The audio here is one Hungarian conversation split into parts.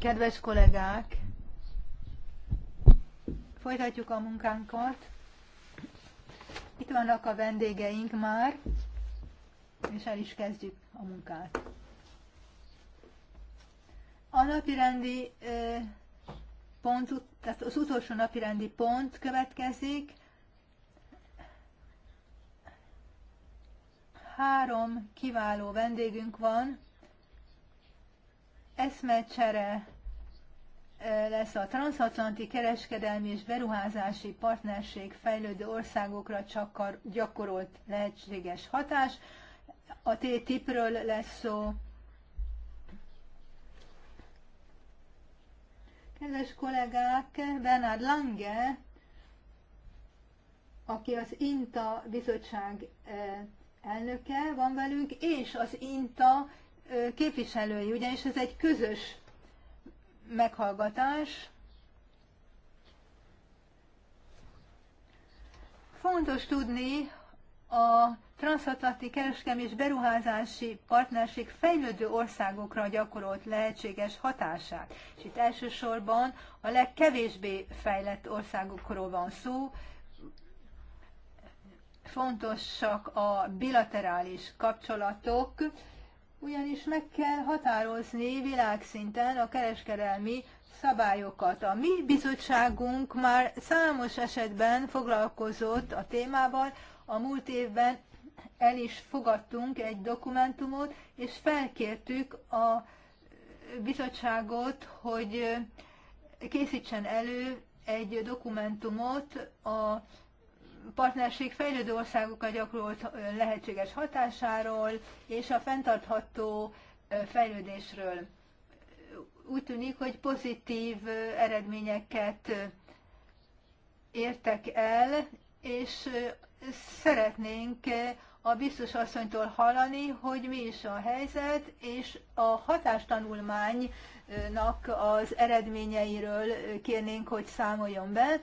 Kedves kollégák, folytatjuk a munkánkat. Itt vannak a vendégeink már, és el is kezdjük a munkát. A napirendi pont, tehát az utolsó napirendi pont következik. Három kiváló vendégünk van, eszmecsere lesz a transatlanti kereskedelmi és beruházási partnerség fejlődő országokra csak gyakorolt lehetséges hatás. A TTIP-ről lesz szó. Kedves kollégák, Bernard Lange, aki az INTA bizottság elnöke van velünk, és az INTA képviselői, ugyanis ez egy közös meghallgatás. Fontos tudni a transatlanti kereskedelmi és beruházási partnerség fejlődő országokra gyakorolt lehetséges hatását. És itt elsősorban a legkevésbé fejlett országokról van szó, fontosak a bilaterális kapcsolatok, ugyanis meg kell határozni világszinten a kereskedelmi szabályokat. A mi bizottságunk már számos esetben foglalkozott a témával, a múlt évben el is fogadtunk egy dokumentumot, és felkértük a bizottságot, hogy készítsen elő egy dokumentumot a partnerség fejlődő országokkal gyakorolt lehetséges hatásáról és a fenntartható fejlődésről. Úgy tűnik, hogy pozitív eredményeket értek el, és szeretnénk a biztos asszonytól hallani, hogy mi is a helyzet, és a hatástanulmánynak az eredményeiről kérnénk, hogy számoljon be.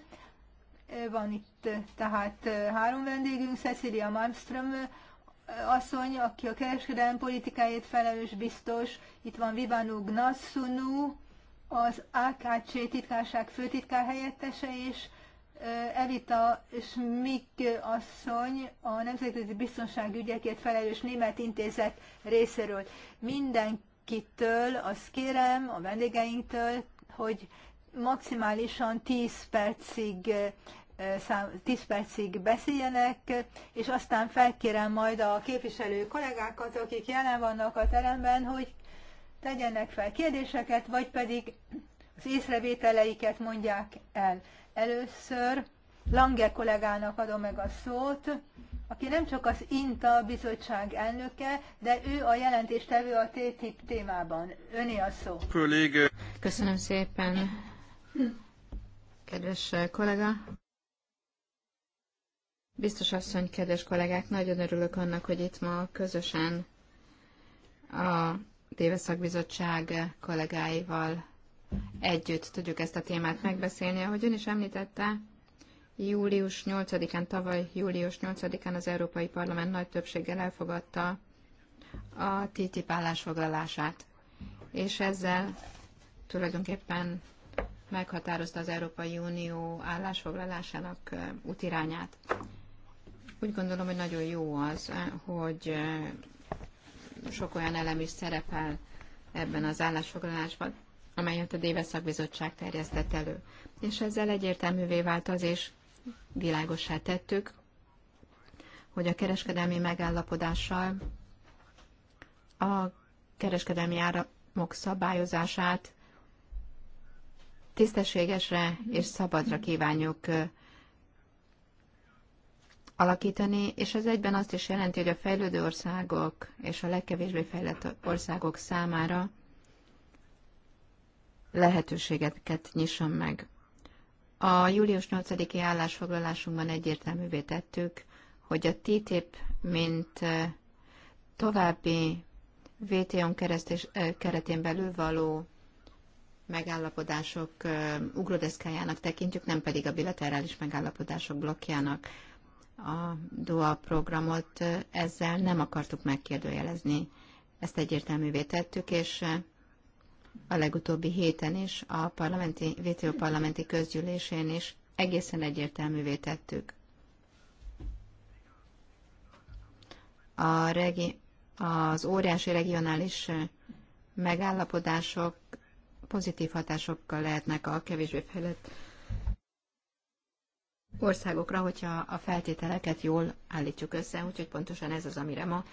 Van itt tehát három vendégünk, Cecilia Malmström asszony, aki a kereskedelmi politikáért felelős biztos, itt van Vivanu Gnassunu, az AKC titkárság főtitkár helyettese, és Evita Schmick asszony, a Nemzetközi ügyekért felelős német intézet részéről. Mindenkitől azt kérem, a vendégeinktől, hogy maximálisan 10 percig 10 percig beszéljenek, és aztán felkérem majd a képviselő kollégákat, akik jelen vannak a teremben, hogy tegyenek fel kérdéseket, vagy pedig az észrevételeiket mondják el. Először Lange kollégának adom meg a szót, aki nem csak az INTA bizottság elnöke, de ő a jelentéstevő a TTIP témában. Öné a szó. Köszönöm szépen, kedves kollega. Biztos asszony, kedves kollégák, nagyon örülök annak, hogy itt ma közösen a Téveszakbizottság kollégáival együtt tudjuk ezt a témát megbeszélni. Ahogy ön is említette, július 8-án, tavaly július 8-án az Európai Parlament nagy többséggel elfogadta a TTIP állásfoglalását, és ezzel tulajdonképpen meghatározta az Európai Unió állásfoglalásának útirányát. Úgy gondolom, hogy nagyon jó az, hogy sok olyan elem is szerepel ebben az állásfoglalásban, amelyet a Déves Szakbizottság terjesztett elő. És ezzel egyértelművé vált az, és világossá tettük, hogy a kereskedelmi megállapodással a kereskedelmi áramok szabályozását tisztességesre és szabadra kívánjuk alakítani, és ez egyben azt is jelenti, hogy a fejlődő országok és a legkevésbé fejlett országok számára lehetőségeket nyisson meg. A július 8-i állásfoglalásunkban egyértelművé tettük, hogy a TTIP, mint további VTO-n keretén belül való megállapodások ugrodeszkájának tekintjük, nem pedig a bilaterális megállapodások blokkjának a DOA programot, ezzel nem akartuk megkérdőjelezni. Ezt egyértelművé tettük, és a legutóbbi héten is, a parlamenti, VTO parlamenti közgyűlésén is egészen egyértelművé tettük. A regi, az óriási regionális megállapodások pozitív hatásokkal lehetnek a kevésbé fejlett országokra, hogyha a feltételeket jól állítjuk össze, úgyhogy pontosan ez az, amire ma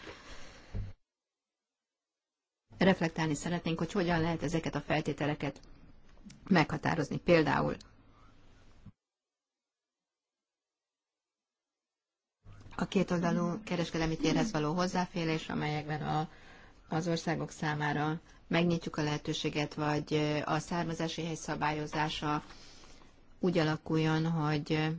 reflektálni szeretnénk, hogy hogyan lehet ezeket a feltételeket meghatározni. Például a kétoldalú kereskedelmi térhez való hozzáférés, amelyekben a, az országok számára megnyitjuk a lehetőséget, vagy a származási hely szabályozása úgy alakuljon, hogy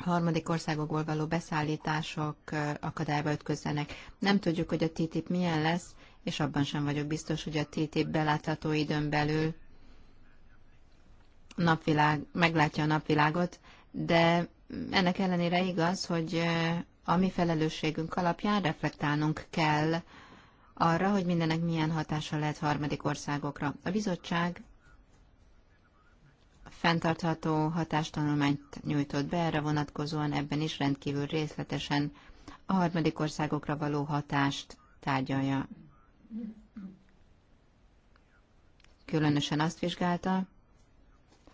harmadik országokból való beszállítások akadályba ütközzenek. Nem tudjuk, hogy a TTIP milyen lesz, és abban sem vagyok biztos, hogy a TTIP belátható időn belül napvilág, meglátja a napvilágot, de ennek ellenére igaz, hogy a mi felelősségünk alapján reflektálnunk kell arra, hogy mindenek milyen hatása lehet harmadik országokra. A bizottság fenntartható hatástanulmányt nyújtott be, erre vonatkozóan ebben is rendkívül részletesen a harmadik országokra való hatást tárgyalja. Különösen azt vizsgálta,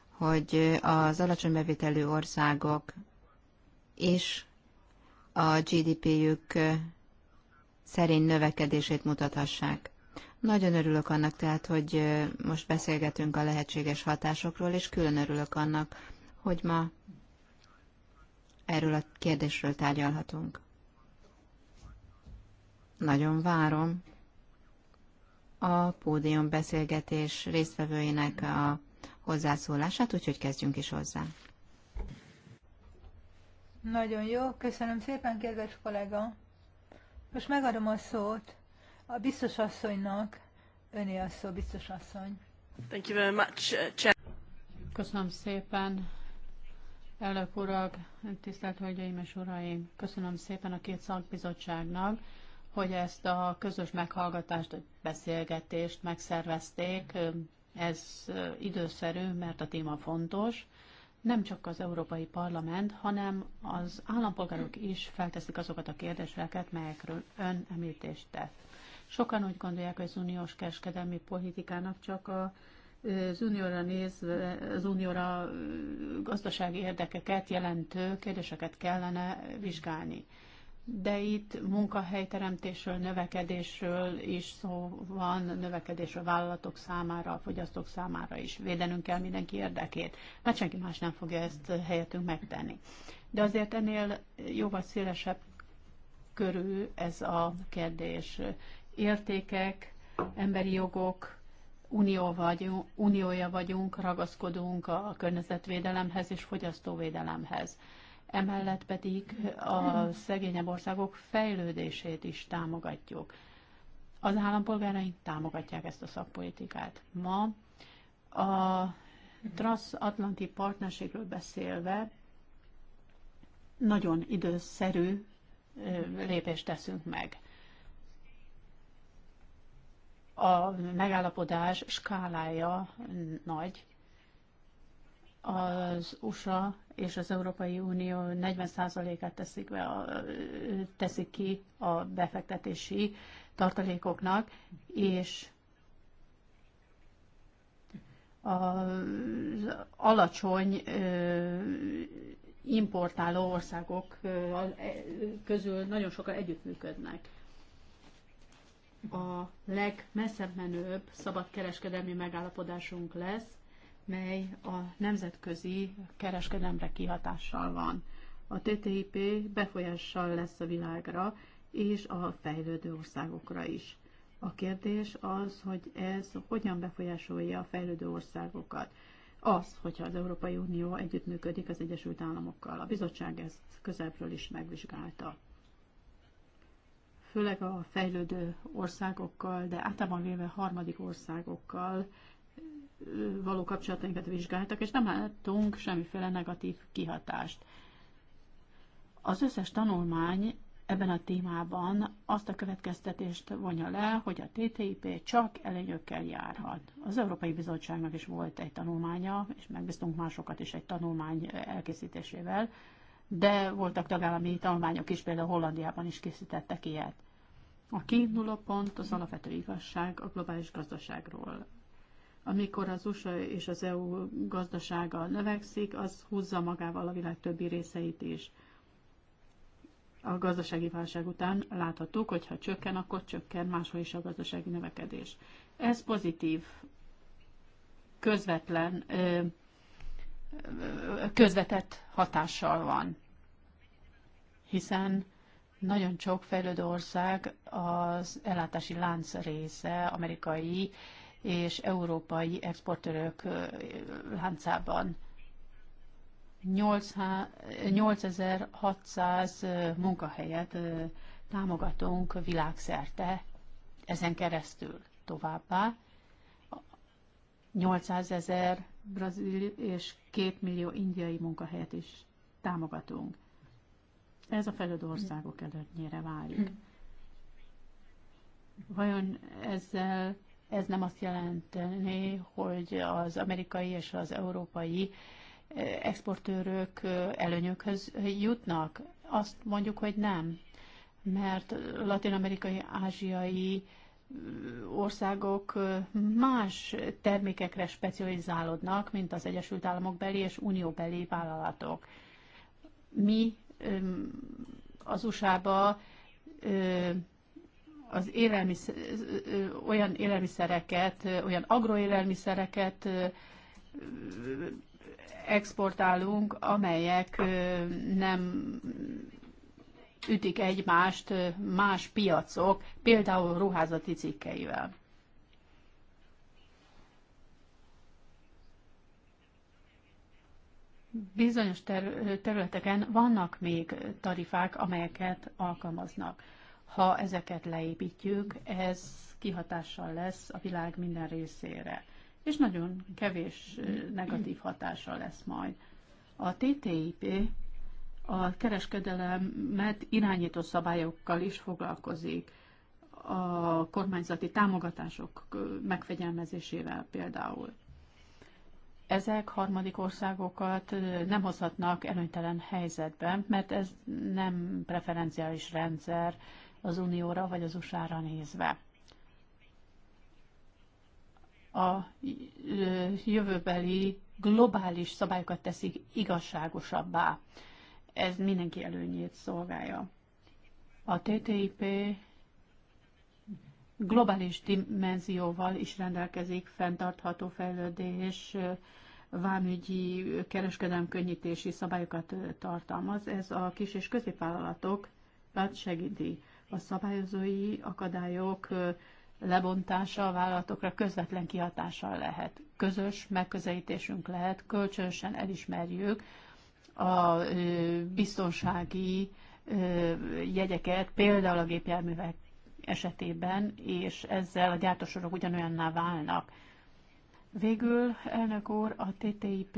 hogy az alacsony bevételű országok és a GDP-jük szerény növekedését mutathassák. Nagyon örülök annak tehát, hogy most beszélgetünk a lehetséges hatásokról, és külön örülök annak, hogy ma erről a kérdésről tárgyalhatunk. Nagyon várom a pódium beszélgetés résztvevőinek a hozzászólását, úgyhogy kezdjünk is hozzá. Nagyon jó, köszönöm szépen, kedves kollega. Most megadom a szót a biztos asszonynak öné a szó, biztos asszony. Thank you very much, uh, Chair. Köszönöm szépen, elnök urak, tisztelt hölgyeim és uraim. Köszönöm szépen a két szakbizottságnak, hogy ezt a közös meghallgatást, a beszélgetést megszervezték. Ez időszerű, mert a téma fontos nem csak az Európai Parlament, hanem az állampolgárok is felteszik azokat a kérdéseket, melyekről ön említést tett. Sokan úgy gondolják, hogy az uniós kereskedelmi politikának csak a az unióra nézve, az unióra gazdasági érdekeket jelentő kérdéseket kellene vizsgálni. De itt munkahelyteremtésről, növekedésről is szó van, növekedésről vállalatok számára, a fogyasztók számára is. Védenünk kell mindenki érdekét, mert hát senki más nem fogja ezt helyettünk megtenni. De azért ennél jóval szélesebb körül ez a kérdés értékek, emberi jogok, unió vagyunk, uniója vagyunk, ragaszkodunk a környezetvédelemhez és fogyasztóvédelemhez. Emellett pedig a szegényebb országok fejlődését is támogatjuk. Az állampolgáraink támogatják ezt a szakpolitikát. Ma a transatlanti partnerségről beszélve nagyon időszerű lépést teszünk meg a megállapodás skálája nagy. Az USA és az Európai Unió 40%-át teszik, be a, teszik ki a befektetési tartalékoknak, és az alacsony importáló országok közül nagyon sokan együttműködnek a legmesszebb menőbb szabadkereskedelmi megállapodásunk lesz, mely a nemzetközi kereskedelemre kihatással van. A TTIP befolyással lesz a világra és a fejlődő országokra is. A kérdés az, hogy ez hogyan befolyásolja a fejlődő országokat. Az, hogyha az Európai Unió együttműködik az Egyesült Államokkal. A bizottság ezt közelről is megvizsgálta főleg a fejlődő országokkal, de általában véve harmadik országokkal való kapcsolatainkat vizsgáltak, és nem láttunk semmiféle negatív kihatást. Az összes tanulmány ebben a témában azt a következtetést vonja le, hogy a TTIP csak előnyökkel járhat. Az Európai Bizottságnak is volt egy tanulmánya, és megbíztunk másokat is egy tanulmány elkészítésével, de voltak tagállami tanulmányok is, például Hollandiában is készítettek ilyet. A két nulla pont az alapvető igazság a globális gazdaságról. Amikor az USA és az EU gazdasága növekszik, az húzza magával a világ többi részeit is. A gazdasági válság után láthatók, hogy ha csökken, akkor csökken máshol is a gazdasági növekedés. Ez pozitív, közvetlen, közvetett hatással van, hiszen nagyon sok fejlődő ország az ellátási lánc része amerikai és európai exportőrök láncában. 8600 munkahelyet támogatunk világszerte ezen keresztül továbbá. 800 ezer brazil és 2 millió indiai munkahelyet is támogatunk. Ez a fejlődő országok előnyére válik. Vajon ezzel ez nem azt jelenteni, hogy az amerikai és az európai eh, exportőrök eh, előnyökhöz jutnak? Azt mondjuk, hogy nem, mert latin-amerikai, ázsiai eh, országok más termékekre specializálódnak, mint az Egyesült Államok beli és Unió beli vállalatok. Mi az USA-ba az élelmiszer, olyan élelmiszereket, olyan agroélelmiszereket exportálunk, amelyek nem ütik egymást más piacok, például ruházati cikkeivel. bizonyos ter- területeken vannak még tarifák, amelyeket alkalmaznak. Ha ezeket leépítjük, ez kihatással lesz a világ minden részére, és nagyon kevés negatív hatása lesz majd. A TTIP a kereskedelemet irányító szabályokkal is foglalkozik, a kormányzati támogatások megfegyelmezésével például ezek harmadik országokat nem hozhatnak előnytelen helyzetbe, mert ez nem preferenciális rendszer az Unióra vagy az USA-ra nézve. A jövőbeli globális szabályokat teszik igazságosabbá. Ez mindenki előnyét szolgálja. A TTIP globális dimenzióval is rendelkezik fenntartható fejlődés, vámügyi, kereskedelm könnyítési szabályokat tartalmaz. Ez a kis és középvállalatok hát segíti a szabályozói akadályok lebontása a vállalatokra közvetlen kihatással lehet. Közös megközelítésünk lehet, kölcsönösen elismerjük a biztonsági jegyeket, például a gépjárművek esetében, és ezzel a gyártósorok ugyanolyanná válnak. Végül, elnök úr, a TTIP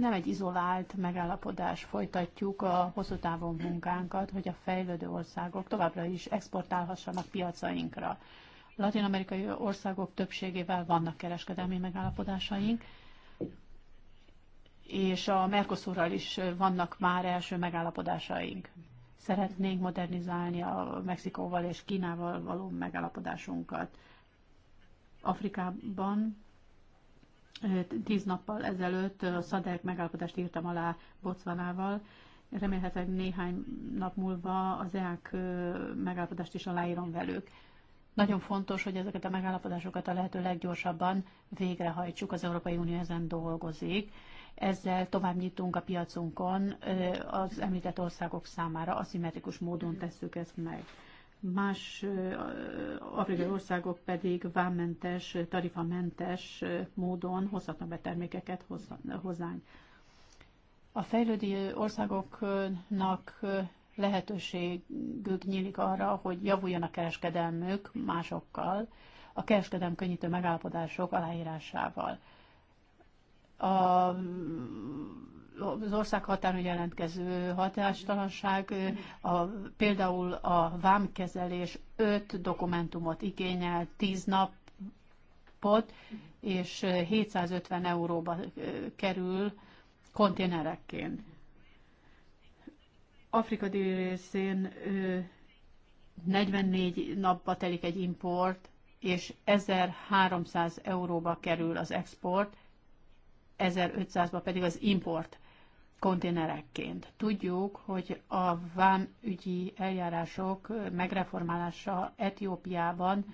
nem egy izolált megállapodás. Folytatjuk a hosszú távon munkánkat, hogy a fejlődő országok továbbra is exportálhassanak piacainkra. Latin-amerikai országok többségével vannak kereskedelmi megállapodásaink, és a Mercosurral is vannak már első megállapodásaink. Szeretnénk modernizálni a Mexikóval és Kínával való megállapodásunkat. Afrikában tíz nappal ezelőtt a SZADEK megállapodást írtam alá Bocvanával. Remélhetőleg néhány nap múlva az EAK megállapodást is aláírom velük. Nagyon fontos, hogy ezeket a megállapodásokat a lehető leggyorsabban végrehajtsuk. Az Európai Unió ezen dolgozik ezzel tovább nyitunk a piacunkon az említett országok számára, aszimmetrikus módon tesszük ezt meg. Más afrikai országok pedig vámmentes, tarifamentes módon hozhatnak be termékeket hozzánk. A fejlődő országoknak lehetőségük nyílik arra, hogy javuljon a kereskedelmük másokkal, a kereskedelem könnyítő megállapodások aláírásával a, az határon jelentkező hatástalanság, a, például a vámkezelés öt dokumentumot igényel, tíz napot, és 750 euróba kerül konténerekként. Afrika déli részén 44 napba telik egy import, és 1300 euróba kerül az export, 1500-ban pedig az import konténerekként. Tudjuk, hogy a ügyi eljárások megreformálása Etiópiában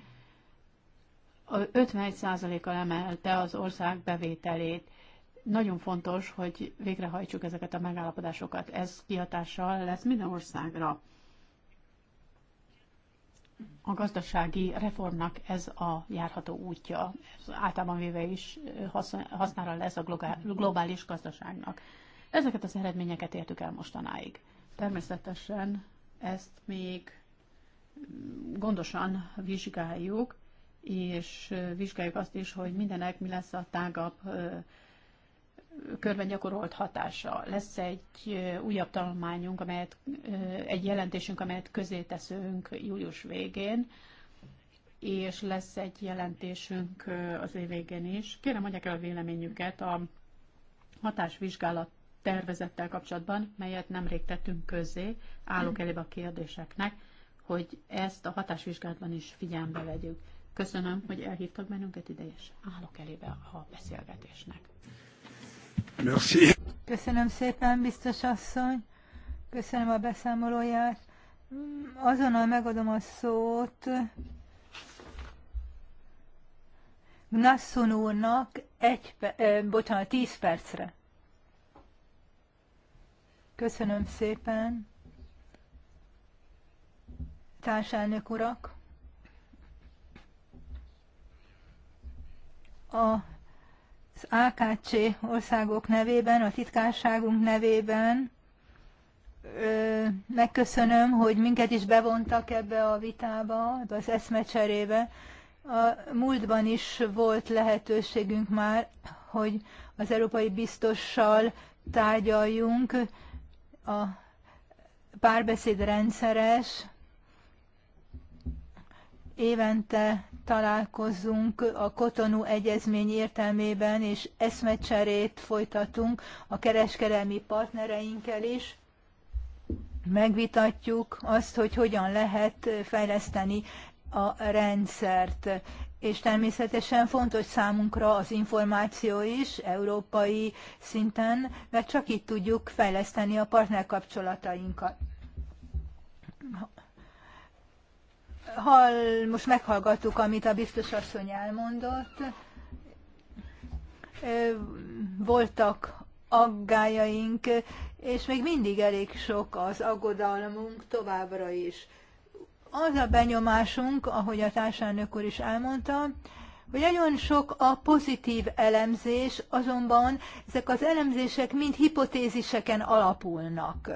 51%-kal emelte az ország bevételét. Nagyon fontos, hogy végrehajtsuk ezeket a megállapodásokat. Ez kihatással lesz minden országra a gazdasági reformnak ez a járható útja. Ez általában véve is hasznára lesz a globális gazdaságnak. Ezeket az eredményeket értük el mostanáig. Természetesen ezt még mm, gondosan vizsgáljuk, és vizsgáljuk azt is, hogy mindenek mi lesz a tágabb körben gyakorolt hatása. Lesz egy újabb tanulmányunk, amelyet, egy jelentésünk, amelyet közé teszünk július végén, és lesz egy jelentésünk az év végén is. Kérem, mondják el a véleményüket a hatásvizsgálat tervezettel kapcsolatban, melyet nemrég tettünk közé, állok elébe a kérdéseknek, hogy ezt a hatásvizsgálatban is figyelembe vegyük. Köszönöm, hogy elhívtak bennünket ide, és állok elébe a beszélgetésnek. Merci. Köszönöm szépen, biztos asszony. Köszönöm a beszámolóját. Azonnal megadom a szót Gnasson úrnak egy, eh, bocsánat, tíz percre. Köszönöm szépen. Társelnök urak. A az AKC országok nevében, a titkárságunk nevében megköszönöm, hogy minket is bevontak ebbe a vitába, az eszmecserébe. A múltban is volt lehetőségünk már, hogy az európai biztossal tárgyaljunk. A párbeszéd rendszeres, évente találkozunk a kotonu Egyezmény értelmében, és eszmecserét folytatunk a kereskedelmi partnereinkkel is. Megvitatjuk azt, hogy hogyan lehet fejleszteni a rendszert. És természetesen fontos számunkra az információ is, európai szinten, mert csak itt tudjuk fejleszteni a partnerkapcsolatainkat. hall, most meghallgattuk, amit a biztos asszony elmondott. Voltak aggájaink, és még mindig elég sok az aggodalmunk továbbra is. Az a benyomásunk, ahogy a társadalmök úr is elmondta, hogy nagyon sok a pozitív elemzés, azonban ezek az elemzések mind hipotéziseken alapulnak.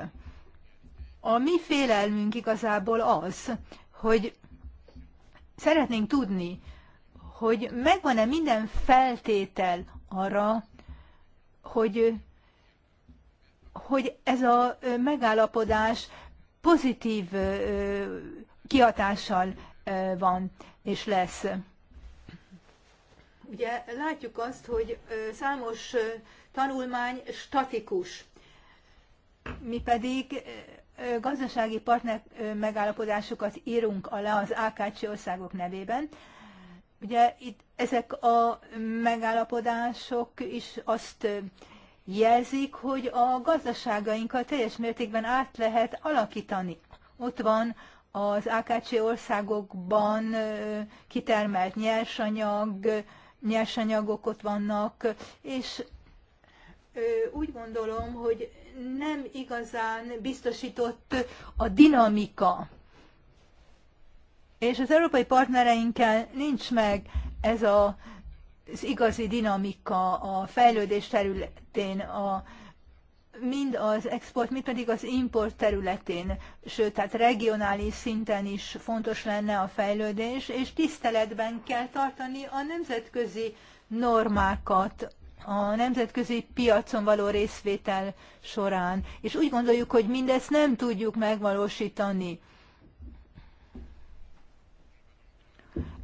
A mi félelmünk igazából az, hogy Szeretnénk tudni, hogy megvan-e minden feltétel arra, hogy, hogy ez a megállapodás pozitív kihatással van és lesz. Ugye látjuk azt, hogy számos tanulmány statikus, mi pedig gazdasági partner megállapodásokat írunk alá az AKC országok nevében. Ugye itt ezek a megállapodások is azt jelzik, hogy a gazdaságainkat teljes mértékben át lehet alakítani. Ott van az AKC országokban kitermelt nyersanyag, nyersanyagok ott vannak, és úgy gondolom, hogy nem igazán biztosított a dinamika. És az európai partnereinkkel nincs meg ez a, az igazi dinamika a fejlődés területén, a, mind az export, mind pedig az import területén, sőt, tehát regionális szinten is fontos lenne a fejlődés, és tiszteletben kell tartani a nemzetközi normákat, a nemzetközi piacon való részvétel során, és úgy gondoljuk, hogy mindezt nem tudjuk megvalósítani.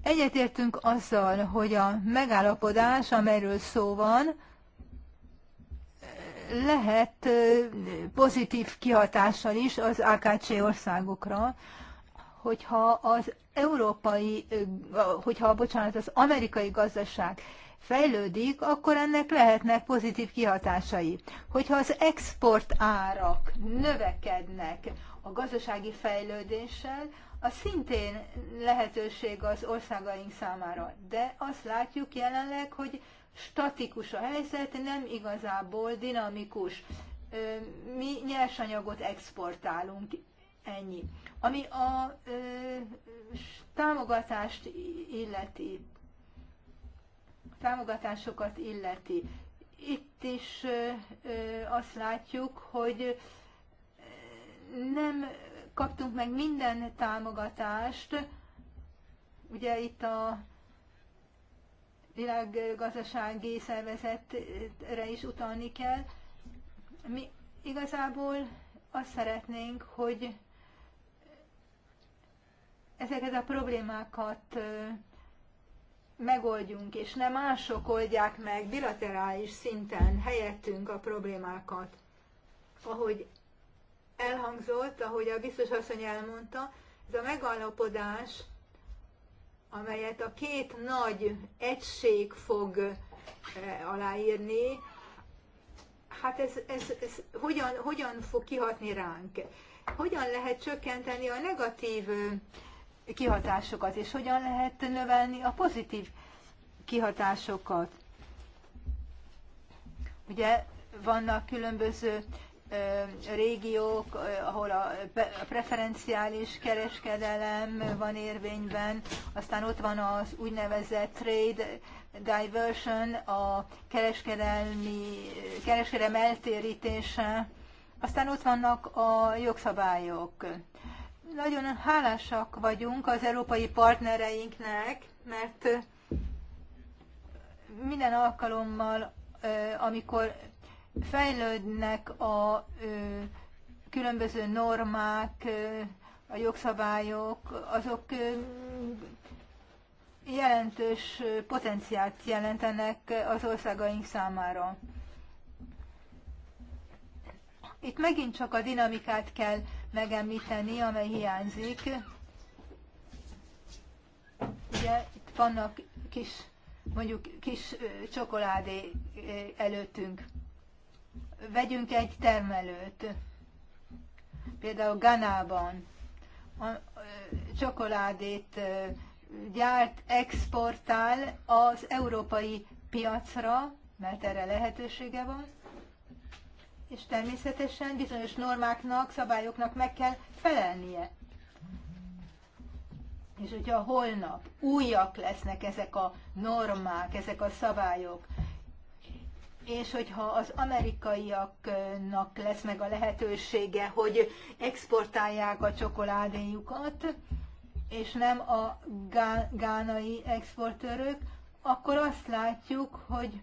Egyetértünk azzal, hogy a megállapodás, amelyről szó van, lehet pozitív kihatással is az AKC országokra, hogyha az európai, hogyha, bocsánat, az amerikai gazdaság fejlődik, akkor ennek lehetnek pozitív kihatásai. Hogyha az export árak növekednek a gazdasági fejlődéssel, az szintén lehetőség az országaink számára. De azt látjuk jelenleg, hogy statikus a helyzet, nem igazából dinamikus. Mi nyersanyagot exportálunk, ennyi. Ami a támogatást illeti, támogatásokat illeti. Itt is azt látjuk, hogy nem kaptunk meg minden támogatást. Ugye itt a világgazdasági szervezetre is utalni kell. Mi igazából azt szeretnénk, hogy ezeket a problémákat megoldjunk, és nem mások oldják meg bilaterális szinten helyettünk a problémákat. Ahogy elhangzott, ahogy a biztos asszony elmondta, ez a megállapodás, amelyet a két nagy egység fog eh, aláírni, hát ez, ez, ez hogyan, hogyan fog kihatni ránk? Hogyan lehet csökkenteni a negatív eh, kihatásokat, és hogyan lehet növelni a pozitív kihatásokat. Ugye vannak különböző régiók, ahol a preferenciális kereskedelem van érvényben, aztán ott van az úgynevezett trade diversion, a kereskedelmi, kereskedelem eltérítése, aztán ott vannak a jogszabályok, nagyon hálásak vagyunk az európai partnereinknek, mert minden alkalommal, amikor fejlődnek a különböző normák, a jogszabályok, azok jelentős potenciált jelentenek az országaink számára. Itt megint csak a dinamikát kell megemlíteni, amely hiányzik. Ugye itt vannak kis, mondjuk kis csokoládé előttünk. Vegyünk egy termelőt, például Ganában a csokoládét gyárt, exportál az európai piacra, mert erre lehetősége van, és természetesen bizonyos normáknak, szabályoknak meg kell felelnie. És hogyha holnap újak lesznek ezek a normák, ezek a szabályok, és hogyha az amerikaiaknak lesz meg a lehetősége, hogy exportálják a csokoládéjukat, és nem a gánai exportőrök, akkor azt látjuk, hogy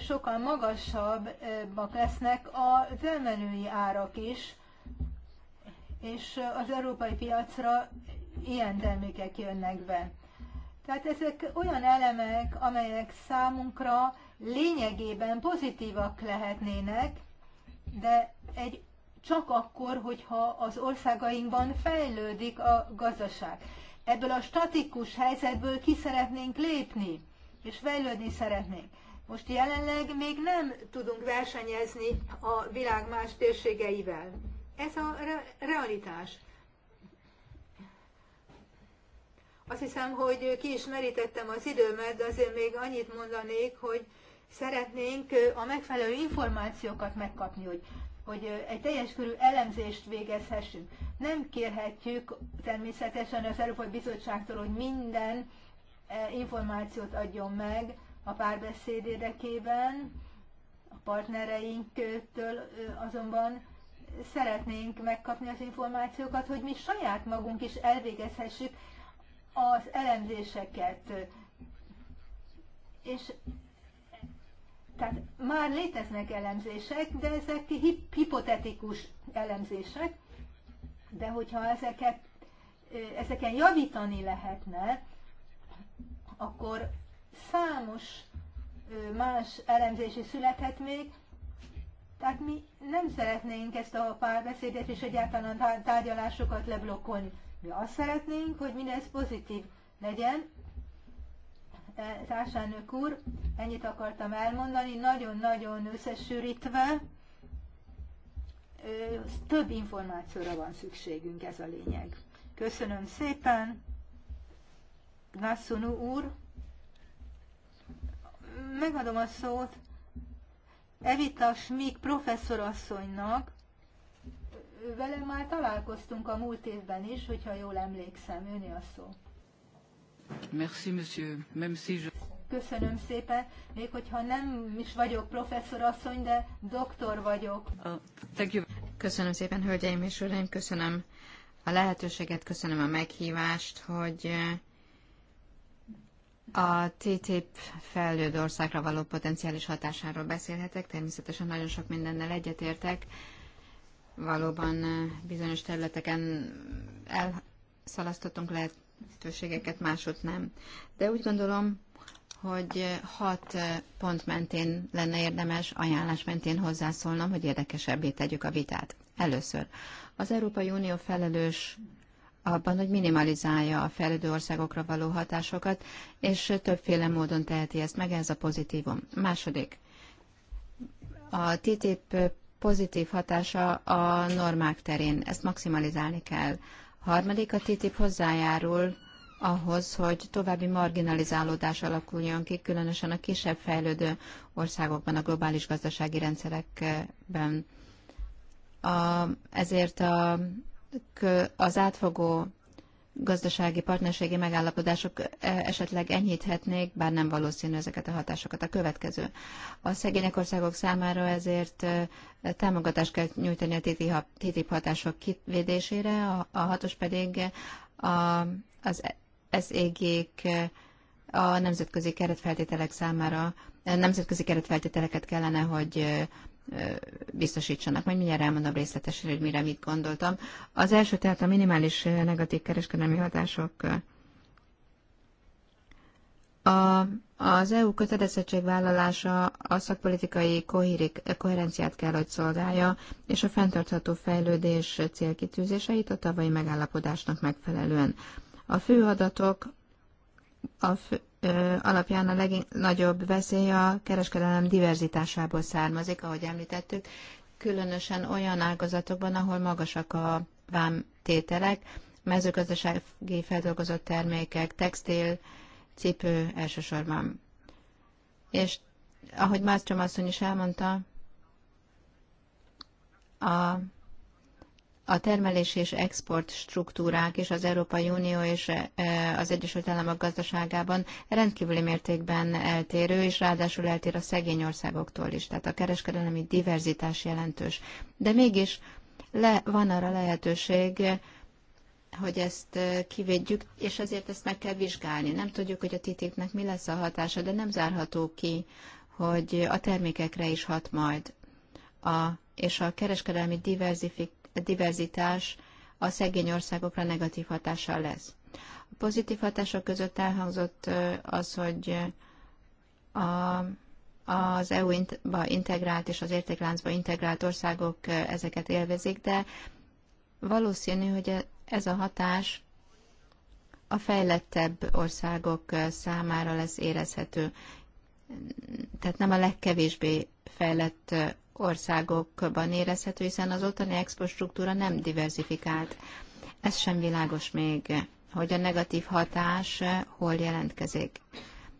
sokkal magasabbak lesznek a termelői árak is, és az európai piacra ilyen termékek jönnek be. Tehát ezek olyan elemek, amelyek számunkra lényegében pozitívak lehetnének, de egy csak akkor, hogyha az országainkban fejlődik a gazdaság. Ebből a statikus helyzetből ki szeretnénk lépni, és fejlődni szeretnénk. Most jelenleg még nem tudunk versenyezni a világ más térségeivel. Ez a re- realitás. Azt hiszem, hogy ki is merítettem az időmet, de azért még annyit mondanék, hogy szeretnénk a megfelelő információkat megkapni, hogy, hogy egy teljes körű elemzést végezhessünk. Nem kérhetjük természetesen az Európai Bizottságtól, hogy minden eh, információt adjon meg, a párbeszéd érdekében, a partnereinktől azonban szeretnénk megkapni az információkat, hogy mi saját magunk is elvégezhessük az elemzéseket. És tehát már léteznek elemzések, de ezek hipotetikus elemzések, de hogyha ezeket, ezeken javítani lehetne, akkor Számos más elemzés is születhet még, tehát mi nem szeretnénk ezt a párbeszédet és egyáltalán a tárgyalásokat leblokkolni. Mi azt szeretnénk, hogy mindez pozitív legyen. E, Társánök úr, ennyit akartam elmondani, nagyon-nagyon összesűrítve, több információra van szükségünk, ez a lényeg. Köszönöm szépen, Nassunu úr! megadom a szót Evita Schmik professzorasszonynak. Vele már találkoztunk a múlt évben is, hogyha jól emlékszem, őni a szó. Merci, monsieur. Même si je... Köszönöm szépen, még hogyha nem is vagyok professzorasszony, de doktor vagyok. Uh, thank you. Köszönöm szépen, hölgyeim és uraim, köszönöm a lehetőséget, köszönöm a meghívást, hogy a TTIP fejlődő országra való potenciális hatásáról beszélhetek, természetesen nagyon sok mindennel egyetértek. Valóban bizonyos területeken elszalasztottunk lehetőségeket, másod nem. De úgy gondolom, hogy hat pont mentén lenne érdemes ajánlás mentén hozzászólnom, hogy érdekesebbé tegyük a vitát. Először, az Európai Unió felelős abban, hogy minimalizálja a fejlődő országokra való hatásokat, és többféle módon teheti ezt meg, ez a pozitívum. Második, a TTIP pozitív hatása a normák terén, ezt maximalizálni kell. Harmadik, a TTIP hozzájárul ahhoz, hogy további marginalizálódás alakuljon ki, különösen a kisebb fejlődő országokban, a globális gazdasági rendszerekben. A, ezért a az átfogó gazdasági partnerségi megállapodások e, esetleg enyhíthetnék, bár nem valószínű ezeket a hatásokat. A következő. A szegények országok számára ezért e, támogatást kell nyújtani a TTIP hatások kivédésére, a, hatos pedig az seg a nemzetközi keretfeltételek számára, e, nemzetközi keretfeltételeket kellene, hogy biztosítsanak. Majd mindjárt elmondom részletesen, hogy mire mit gondoltam. Az első tehát a minimális negatív kereskedelmi hatások a, az EU kötelezettségvállalása a szakpolitikai kohérik, koherenciát kell, hogy szolgálja, és a fenntartható fejlődés célkitűzéseit a tavalyi megállapodásnak megfelelően. A fő adatok, a fő, alapján a legnagyobb veszély a kereskedelem diverzitásából származik, ahogy említettük, különösen olyan ágazatokban, ahol magasak a vámtételek, mezőgazdasági feldolgozott termékek, textil, cipő elsősorban. És ahogy Mászcsom asszony is elmondta, a a termelés és export struktúrák és az Európai Unió és e, az Egyesült Államok gazdaságában rendkívüli mértékben eltérő, és ráadásul eltér a szegény országoktól is, tehát a kereskedelmi diverzitás jelentős. De mégis le, van arra lehetőség, hogy ezt e, kivédjük, és azért ezt meg kell vizsgálni. Nem tudjuk, hogy a TTIP-nek mi lesz a hatása, de nem zárható ki, hogy a termékekre is hat majd. A, és a kereskedelmi diverzifikáció diverzitás a szegény országokra negatív hatással lesz. A pozitív hatások között elhangzott az, hogy a, az EU-ba integrált és az értékláncba integrált országok ezeket élvezik, de valószínű, hogy e, ez a hatás a fejlettebb országok számára lesz érezhető. Tehát nem a legkevésbé fejlett országokban érezhető, hiszen az ottani exportstruktúra nem diversifikált. Ez sem világos még, hogy a negatív hatás hol jelentkezik.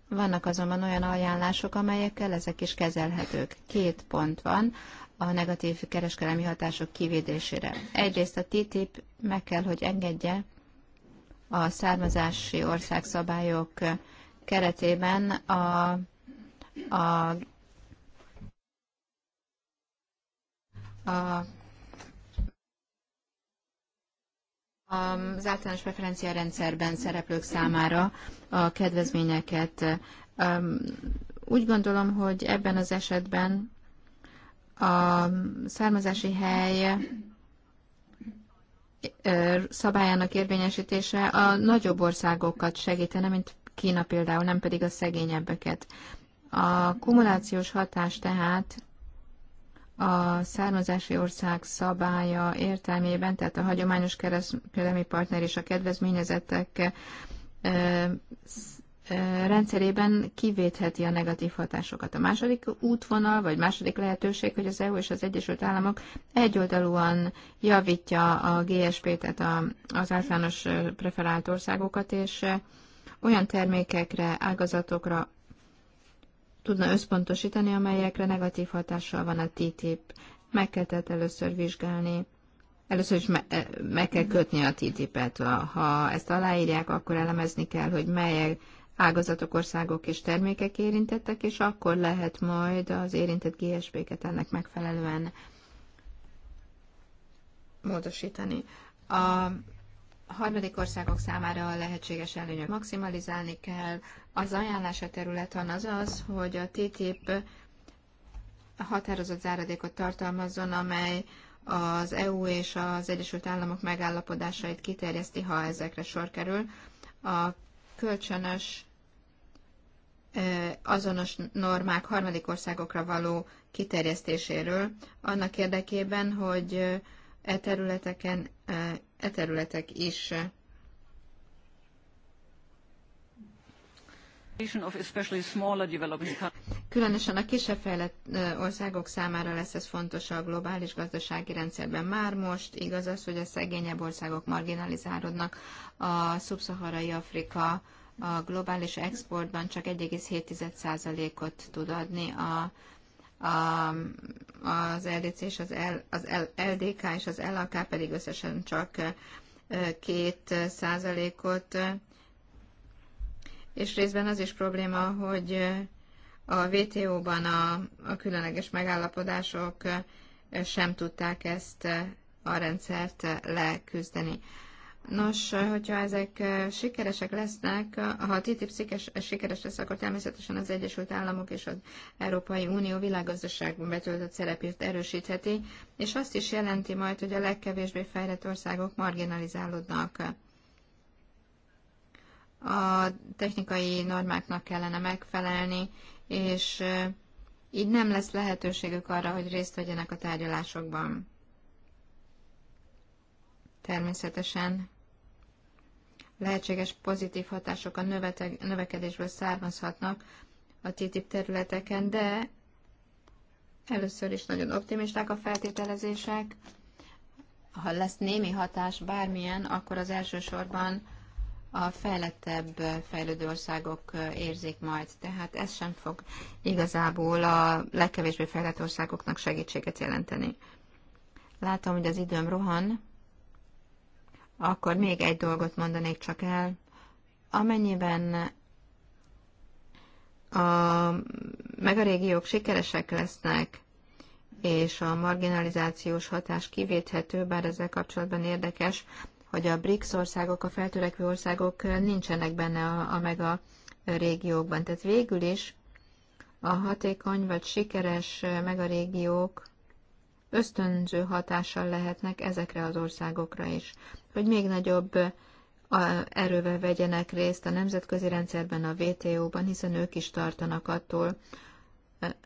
Vannak azonban olyan ajánlások, amelyekkel ezek is kezelhetők. Két pont van a negatív kereskedelmi hatások kivédésére. Egyrészt a TTIP meg kell, hogy engedje a származási országszabályok keretében a, a a az általános preferencia rendszerben szereplők számára a kedvezményeket. Um, úgy gondolom, hogy ebben az esetben a származási hely szabályának érvényesítése a nagyobb országokat segítene, mint Kína például, nem pedig a szegényebbeket. A kumulációs hatás tehát a származási ország szabálya értelmében, tehát a hagyományos kereskedelmi partner és a kedvezményezettek rendszerében kivétheti a negatív hatásokat. A második útvonal, vagy második lehetőség, hogy az EU és az Egyesült Államok egyoldalúan javítja a GSP, tehát a, az általános preferált országokat, és olyan termékekre, ágazatokra tudna összpontosítani, amelyekre negatív hatással van a TTIP. Meg kell tehát először vizsgálni, először is me- e, meg kell kötni a TTIP-et. Ha ezt aláírják, akkor elemezni kell, hogy melyek ágazatok, országok és termékek érintettek, és akkor lehet majd az érintett GSP-ket ennek megfelelően módosítani. A harmadik országok számára a lehetséges előnyök maximalizálni kell. Az ajánlása területen az az, hogy a TTIP határozott záradékot tartalmazzon, amely az EU és az Egyesült Államok megállapodásait kiterjeszti, ha ezekre sor kerül. A kölcsönös azonos normák harmadik országokra való kiterjesztéséről, annak érdekében, hogy e területeken, e, e területek is Különösen a kisebb fejlett e, országok számára lesz ez fontos a globális gazdasági rendszerben. Már most igaz az, hogy a szegényebb országok marginalizálódnak. A szubszaharai Afrika a globális exportban csak 1,7%-ot tud adni a a, az LDC és az, L, az L, LDK és az LAK pedig összesen csak két százalékot, és részben az is probléma, hogy a vto ban a, a különleges megállapodások sem tudták ezt a rendszert leküzdeni. Nos, hogyha ezek eh, sikeresek lesznek, eh, ha a TTIP eh, sikeres lesz, akkor természetesen az Egyesült Államok és az Európai Unió világgazdaságban betöltött szerepét erősítheti, és azt is jelenti majd, hogy a legkevésbé fejlett országok marginalizálódnak. A technikai normáknak kellene megfelelni, és így nem lesz lehetőségük arra, hogy részt vegyenek a tárgyalásokban. Természetesen lehetséges pozitív hatások a növekedésből származhatnak a TTIP területeken, de először is nagyon optimisták a feltételezések. Ha lesz némi hatás bármilyen, akkor az elsősorban a fejlettebb fejlődő országok érzik majd. Tehát ez sem fog igazából a legkevésbé fejlett országoknak segítséget jelenteni. Látom, hogy az időm rohan, akkor még egy dolgot mondanék csak el. Amennyiben a megarégiók sikeresek lesznek, és a marginalizációs hatás kivéthető, bár ezzel kapcsolatban érdekes, hogy a BRICS országok, a feltörekvő országok nincsenek benne a, a mega régiókban. Tehát végül is a hatékony vagy sikeres régiók ösztönző hatással lehetnek ezekre az országokra is hogy még nagyobb erővel vegyenek részt a nemzetközi rendszerben, a WTO-ban, hiszen ők is tartanak attól, e,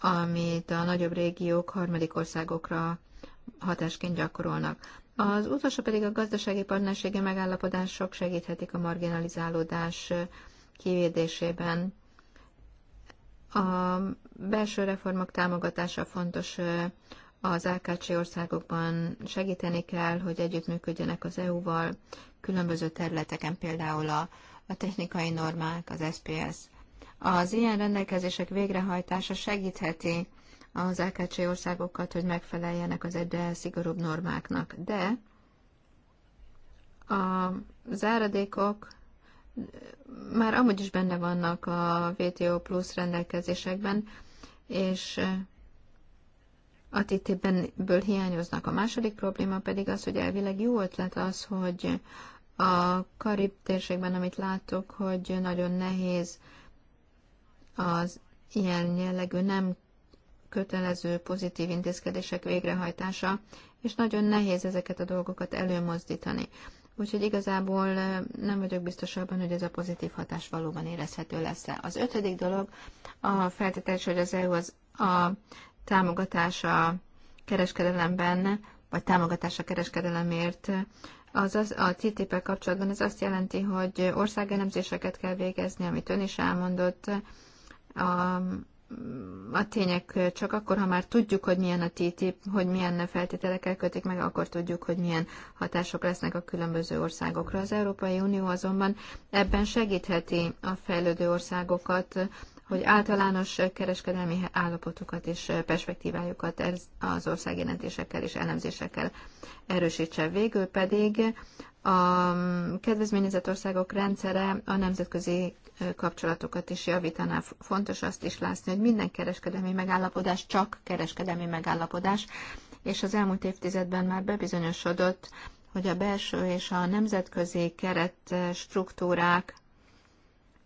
amit a nagyobb régiók harmadik országokra hatásként gyakorolnak. Az utolsó pedig a gazdasági partnerségi megállapodások segíthetik a marginalizálódás e, kivédésében. A belső reformok támogatása fontos e, az AKC országokban segíteni kell, hogy együttműködjenek az EU-val különböző területeken, például a, a technikai normák, az SPS. Az ilyen rendelkezések végrehajtása segítheti az AKC országokat, hogy megfeleljenek az egyre szigorúbb normáknak. De a záradékok már amúgy is benne vannak a VTO plusz rendelkezésekben, és a TTIP-ből hiányoznak. A második probléma pedig az, hogy elvileg jó ötlet az, hogy a Karib térségben, amit látok, hogy nagyon nehéz az ilyen jellegű nem kötelező pozitív intézkedések végrehajtása, és nagyon nehéz ezeket a dolgokat előmozdítani. Úgyhogy igazából nem vagyok biztos abban, hogy ez a pozitív hatás valóban érezhető lesz-e. Az ötödik dolog a feltétel, hogy az EU az a támogatása kereskedelemben, vagy támogatása kereskedelemért, az, az a ttp kapcsolatban ez azt jelenti, hogy országelemzéseket kell végezni, amit ön is elmondott. A, a tények csak akkor, ha már tudjuk, hogy milyen a TTIP, hogy milyen feltételekkel kötik meg, akkor tudjuk, hogy milyen hatások lesznek a különböző országokra. Az Európai Unió azonban ebben segítheti a fejlődő országokat hogy általános kereskedelmi állapotokat és perspektívájukat az országjelentésekkel és elemzésekkel erősítse. Végül pedig a kedvezményezett országok rendszere a nemzetközi kapcsolatokat is javítaná. Fontos azt is látni, hogy minden kereskedelmi megállapodás csak kereskedelmi megállapodás, és az elmúlt évtizedben már bebizonyosodott, hogy a belső és a nemzetközi keret struktúrák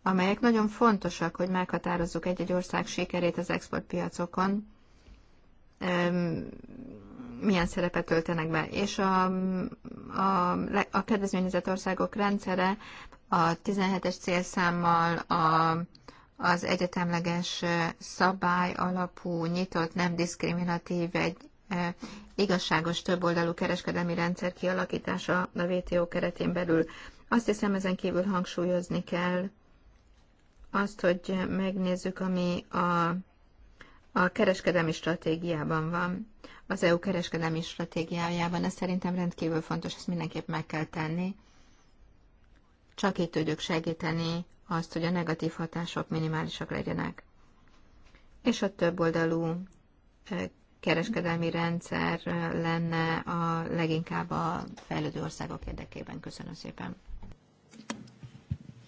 amelyek nagyon fontosak, hogy meghatározzuk egy-egy ország sikerét az exportpiacokon, milyen szerepet töltenek be. És a, a, a kedvezményezett országok rendszere a 17-es célszámmal a, az egyetemleges szabály alapú, nyitott, nem diszkriminatív, egy e, igazságos többoldalú kereskedelmi rendszer kialakítása a WTO keretén belül. Azt hiszem, ezen kívül hangsúlyozni kell azt, hogy megnézzük, ami a, a kereskedelmi stratégiában van, az EU kereskedelmi stratégiájában. Ez szerintem rendkívül fontos, ezt mindenképp meg kell tenni. Csak így tudjuk segíteni azt, hogy a negatív hatások minimálisak legyenek. És a többoldalú kereskedelmi rendszer lenne a leginkább a fejlődő országok érdekében. Köszönöm szépen.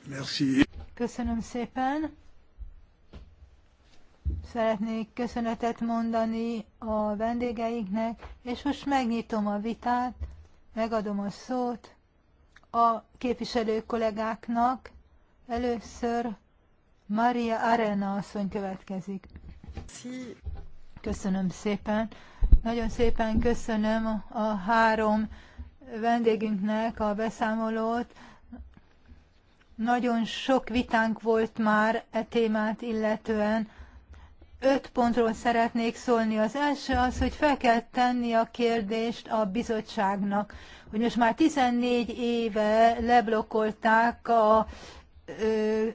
Merci. Köszönöm szépen. Szeretnék köszönetet mondani a vendégeinknek, és most megnyitom a vitát, megadom a szót a képviselő kollégáknak. Először Maria Arena asszony következik. Köszönöm szépen. Nagyon szépen köszönöm a három vendégünknek a beszámolót. Nagyon sok vitánk volt már e témát illetően. Öt pontról szeretnék szólni. Az első az, hogy fel kell tenni a kérdést a bizottságnak, hogy most már 14 éve leblokkolták a, ö,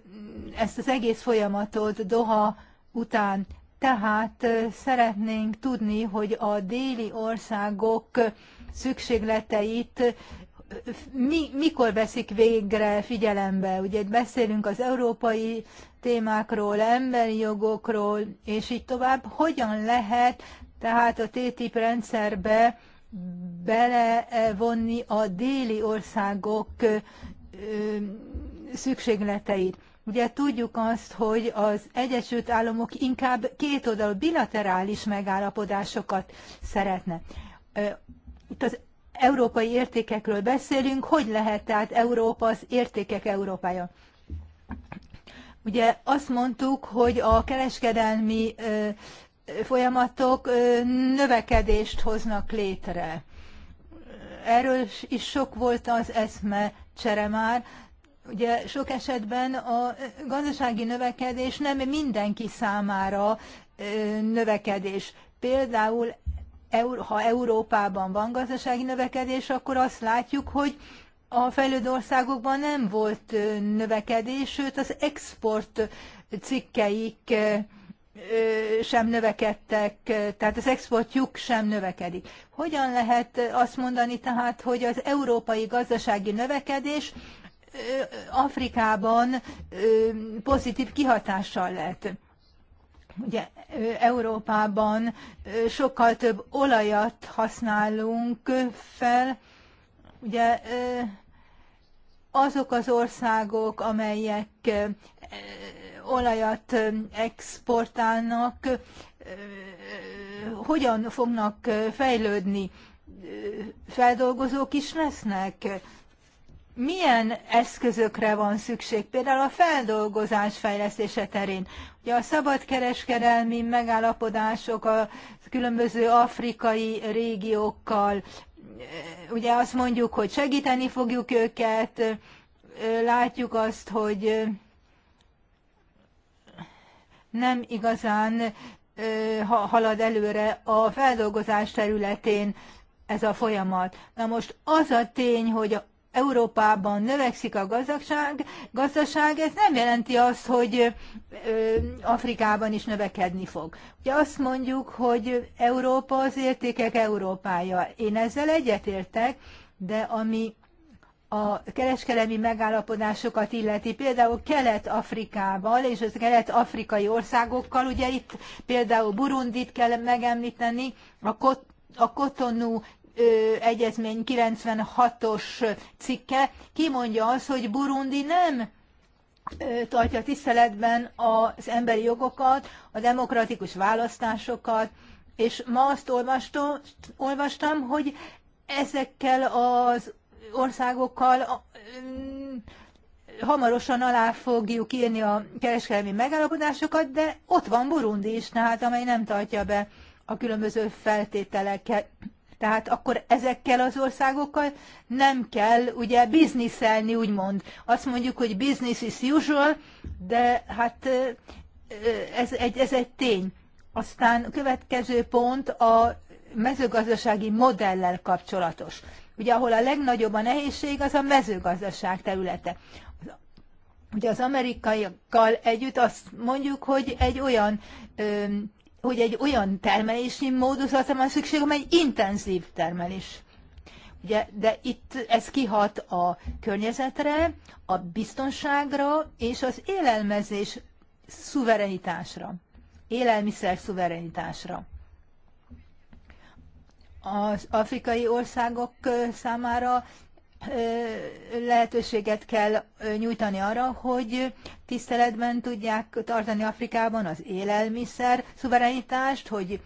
ezt az egész folyamatot Doha után. Tehát szeretnénk tudni, hogy a déli országok szükségleteit mi, mikor veszik végre figyelembe. Ugye beszélünk az európai témákról, emberi jogokról, és így tovább. Hogyan lehet tehát a TTIP rendszerbe belevonni a déli országok szükségleteit. Ugye tudjuk azt, hogy az Egyesült Államok inkább kétoldalú bilaterális megállapodásokat szeretne. Itt az európai értékekről beszélünk, hogy lehet tehát Európa az értékek Európája? Ugye azt mondtuk, hogy a kereskedelmi folyamatok növekedést hoznak létre. Erről is sok volt az eszme csere már. Ugye sok esetben a gazdasági növekedés nem mindenki számára növekedés. Például ha Európában van gazdasági növekedés, akkor azt látjuk, hogy a fejlődő országokban nem volt növekedés, sőt az export cikkeik sem növekedtek, tehát az exportjuk sem növekedik. Hogyan lehet azt mondani tehát, hogy az európai gazdasági növekedés Afrikában pozitív kihatással lehet? Ugye Európában sokkal több olajat használunk fel, ugye azok az országok, amelyek olajat exportálnak, hogyan fognak fejlődni? Feldolgozók is lesznek, milyen eszközökre van szükség, például a feldolgozás fejlesztése terén. Ugye a szabadkereskedelmi megállapodások a különböző afrikai régiókkal, ugye azt mondjuk, hogy segíteni fogjuk őket, látjuk azt, hogy nem igazán halad előre a feldolgozás területén ez a folyamat. Na most az a tény, hogy Európában növekszik a gazdaság, gazdaság ez nem jelenti azt, hogy ö, Afrikában is növekedni fog. Ugye azt mondjuk, hogy Európa az értékek Európája. Én ezzel egyetértek, de ami a kereskedelmi megállapodásokat illeti, például Kelet-Afrikával és az kelet-afrikai országokkal, ugye itt például Burundit kell megemlíteni, a, kot, a kotonú egyezmény 96-os cikke kimondja azt, hogy Burundi nem tartja tiszteletben az emberi jogokat, a demokratikus választásokat, és ma azt olvastam, olvastam hogy ezekkel az országokkal hamarosan alá fogjuk írni a kereskedelmi megállapodásokat, de ott van Burundi is, tehát amely nem tartja be a különböző feltételeket. Tehát akkor ezekkel az országokkal nem kell ugye bizniszelni, úgymond. Azt mondjuk, hogy business is usual, de hát ez egy, ez egy tény. Aztán a következő pont a mezőgazdasági modellel kapcsolatos. Ugye ahol a legnagyobb a nehézség, az a mezőgazdaság területe. Ugye az amerikaiakkal együtt azt mondjuk, hogy egy olyan Ö, hogy egy olyan termelési módozatra van szükség, amely intenzív termelés. Ugye, de itt ez kihat a környezetre, a biztonságra és az élelmezés szuverenitásra, élelmiszer szuverenitásra. Az afrikai országok számára lehetőséget kell nyújtani arra, hogy tiszteletben tudják tartani Afrikában az élelmiszer szuverenitást, hogy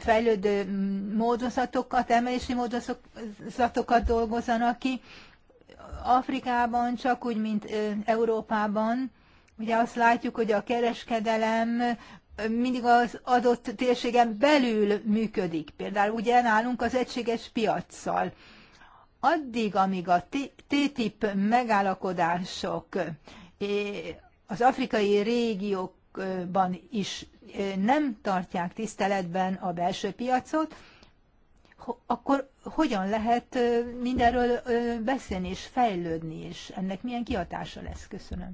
fejlődő módozatokat, emelési módozatokat dolgozzanak ki. Afrikában csak úgy, mint Európában, ugye azt látjuk, hogy a kereskedelem mindig az adott térségen belül működik. Például ugye nálunk az egységes piaccal addig, amíg a TTIP megállapodások az afrikai régiókban is nem tartják tiszteletben a belső piacot, akkor hogyan lehet mindenről beszélni és fejlődni, és ennek milyen kihatása lesz? Köszönöm.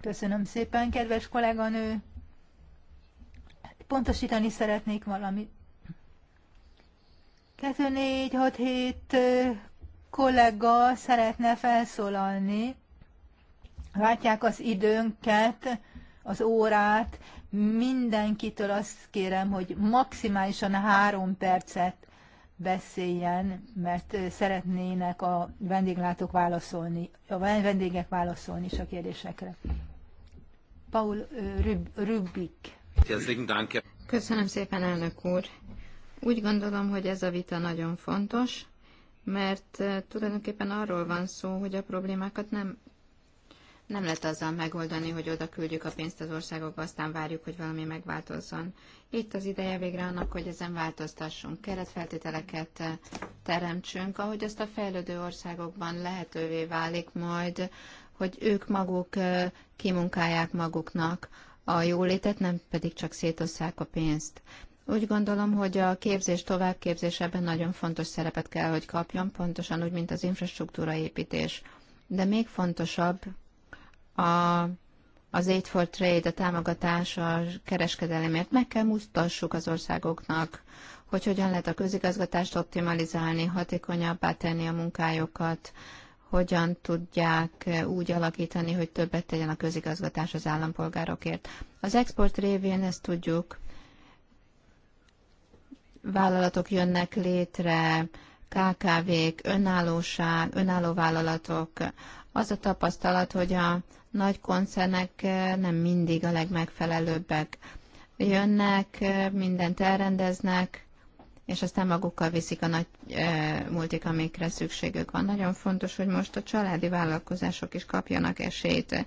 Köszönöm szépen, kedves kolléganő. Pontosítani szeretnék valamit tehát négy, hat, hét kollega szeretne felszólalni. Látják az időnket, az órát. Mindenkitől azt kérem, hogy maximálisan három percet beszéljen, mert szeretnének a vendéglátók válaszolni, a vendégek válaszolni is a kérdésekre. Paul Rüb Rübik. Köszönöm szépen, elnök úr. Úgy gondolom, hogy ez a vita nagyon fontos, mert eh, tulajdonképpen arról van szó, hogy a problémákat nem, nem lehet azzal megoldani, hogy oda küldjük a pénzt az országokba, aztán várjuk, hogy valami megváltozzon. Itt az ideje végre annak, hogy ezen változtassunk, keretfeltételeket eh, teremtsünk, ahogy azt a fejlődő országokban lehetővé válik majd, hogy ők maguk eh, kimunkálják maguknak a jólétet, nem pedig csak szétosszák a pénzt. Úgy gondolom, hogy a képzés, továbbképzésében nagyon fontos szerepet kell, hogy kapjon, pontosan úgy, mint az infrastruktúra építés. De még fontosabb a, az Aid for Trade, a támogatás a kereskedelemért. Meg kell mutassuk az országoknak, hogy hogyan lehet a közigazgatást optimalizálni, hatékonyabbá tenni a munkájukat, hogyan tudják úgy alakítani, hogy többet tegyen a közigazgatás az állampolgárokért. Az export révén ezt tudjuk, vállalatok jönnek létre, KKV-k, önállóság, önálló vállalatok. Az a tapasztalat, hogy a nagy koncernek nem mindig a legmegfelelőbbek. Jönnek, mindent elrendeznek, és aztán magukkal viszik a nagy e, multik, amikre szükségük van. Nagyon fontos, hogy most a családi vállalkozások is kapjanak esélyt,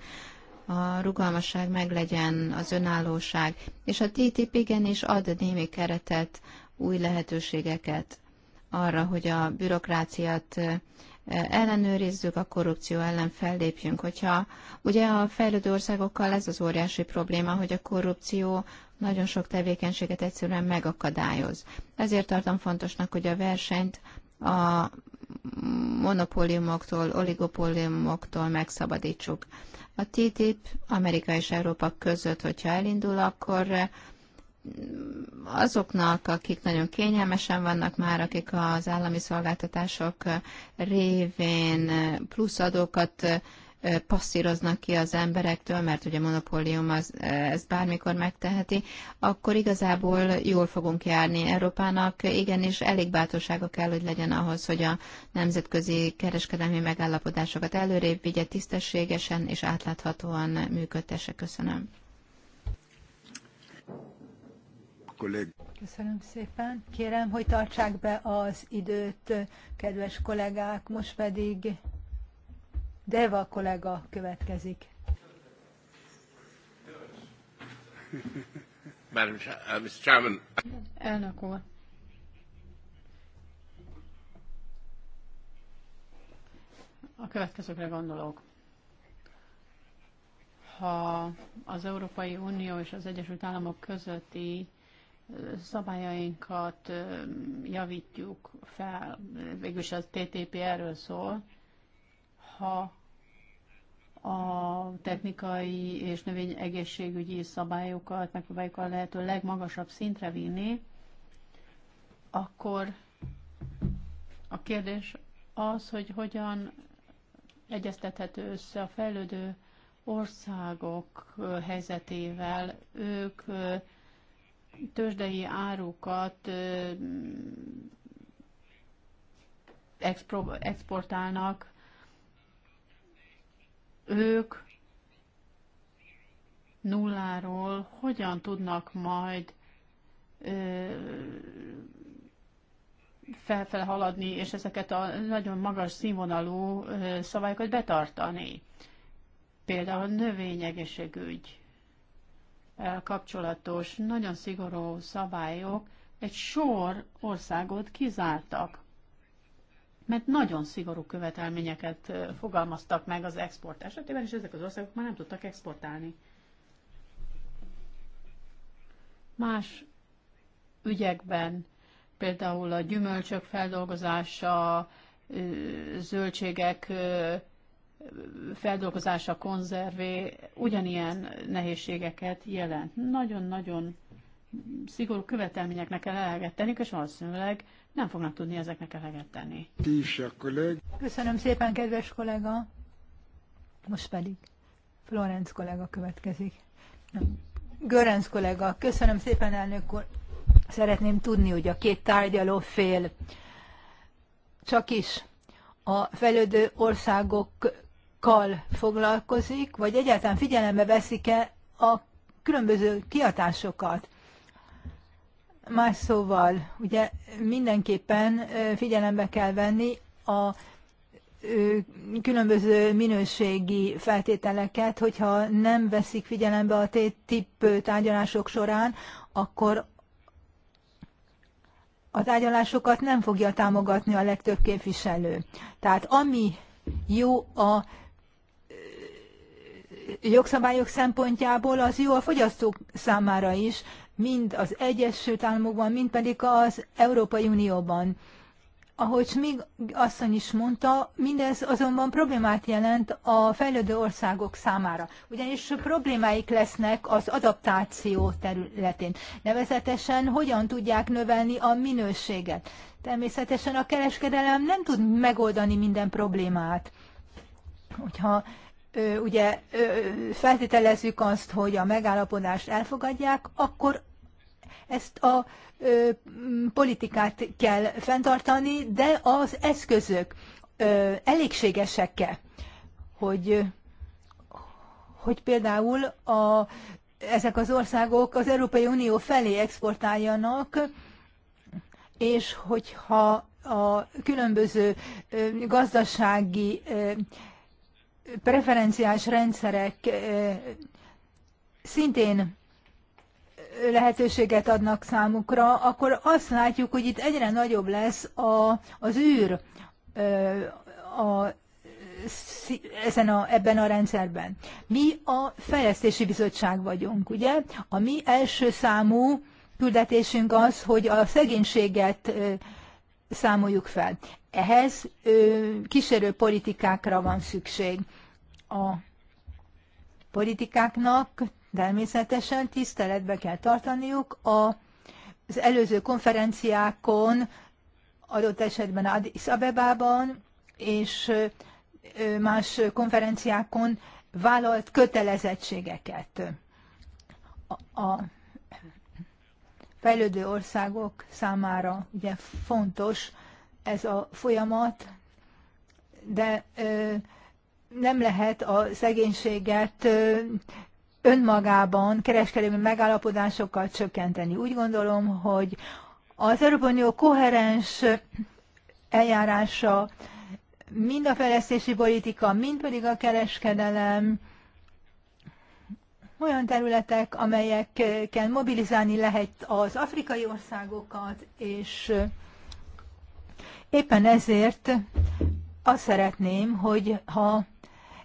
a rugalmasság meglegyen, az önállóság, és a TTIP igenis ad némi keretet új lehetőségeket arra, hogy a bürokráciát ellenőrizzük, a korrupció ellen fellépjünk. Hogyha ugye a fejlődő országokkal ez az óriási probléma, hogy a korrupció nagyon sok tevékenységet egyszerűen megakadályoz. Ezért tartom fontosnak, hogy a versenyt a monopóliumoktól, oligopóliumoktól megszabadítsuk. A TTIP Amerika és Európa között, hogyha elindul, akkor azoknak, akik nagyon kényelmesen vannak már, akik az állami szolgáltatások révén plusz adókat passzíroznak ki az emberektől, mert ugye monopólium az, ez bármikor megteheti, akkor igazából jól fogunk járni Európának. és elég bátorsága kell, hogy legyen ahhoz, hogy a nemzetközi kereskedelmi megállapodásokat előrébb vigye, tisztességesen és átláthatóan működtesse. Köszönöm. Köszönöm szépen. Kérem, hogy tartsák be az időt, kedves kollégák. Most pedig Deva kollega következik. Uh, Elnök úr. A következőkre gondolok. Ha az Európai Unió és az Egyesült Államok közötti szabályainkat javítjuk fel, végülis az TTP erről szól, ha a technikai és növényegészségügyi szabályokat megpróbáljuk a lehető legmagasabb szintre vinni, akkor a kérdés az, hogy hogyan egyeztethető össze a fejlődő országok helyzetével. Ők tőzsdei árukat exportálnak, ők nulláról hogyan tudnak majd felfel haladni, és ezeket a nagyon magas színvonalú szabályokat betartani. Például a növényegészségügy kapcsolatos nagyon szigorú szabályok egy sor országot kizártak, mert nagyon szigorú követelményeket fogalmaztak meg az export esetében, és ezek az országok már nem tudtak exportálni. Más ügyekben, például a gyümölcsök feldolgozása, zöldségek feldolgozása, konzervé ugyanilyen nehézségeket jelent. Nagyon-nagyon szigorú követelményeknek kell eleget tenni, és valószínűleg nem fognak tudni ezeknek eleget tenni. Köszönöm szépen, kedves kollega! Most pedig Florenc kollega következik. Görenc kollega, köszönöm szépen, elnök úr. Szeretném tudni, hogy a két tárgyaló fél csak is a fejlődő országok kal foglalkozik, vagy egyáltalán figyelembe veszik-e a különböző kiadásokat. Más szóval, ugye mindenképpen figyelembe kell venni a különböző minőségi feltételeket, hogyha nem veszik figyelembe a TTIP tárgyalások során, akkor a tárgyalásokat nem fogja támogatni a legtöbb képviselő. Tehát ami jó a jogszabályok szempontjából az jó a fogyasztók számára is, mind az Egyesült Államokban, mind pedig az Európai Unióban. Ahogy még asszony is mondta, mindez azonban problémát jelent a fejlődő országok számára, ugyanis problémáik lesznek az adaptáció területén. Nevezetesen hogyan tudják növelni a minőséget. Természetesen a kereskedelem nem tud megoldani minden problémát. Hogyha ugye feltételezzük azt, hogy a megállapodást elfogadják, akkor ezt a ö, politikát kell fenntartani, de az eszközök elégségesek-e, hogy, hogy például a, ezek az országok az Európai Unió felé exportáljanak, és hogyha a különböző gazdasági preferenciás rendszerek szintén lehetőséget adnak számukra, akkor azt látjuk, hogy itt egyre nagyobb lesz a, az űr a, ezen a, ebben a rendszerben. Mi a fejlesztési bizottság vagyunk, ugye? A mi első számú küldetésünk az, hogy a szegénységet számoljuk fel. Ehhez kísérő politikákra van szükség. A politikáknak természetesen tiszteletbe kell tartaniuk a, az előző konferenciákon, adott esetben Addis Abebában és más konferenciákon vállalt kötelezettségeket. A, a fejlődő országok számára ugye fontos ez a folyamat, de nem lehet a szegénységet önmagában kereskedelmi megállapodásokkal csökkenteni. Úgy gondolom, hogy az Európai Unió koherens eljárása mind a fejlesztési politika, mind pedig a kereskedelem olyan területek, amelyeken mobilizálni lehet az afrikai országokat, és Éppen ezért azt szeretném, hogy ha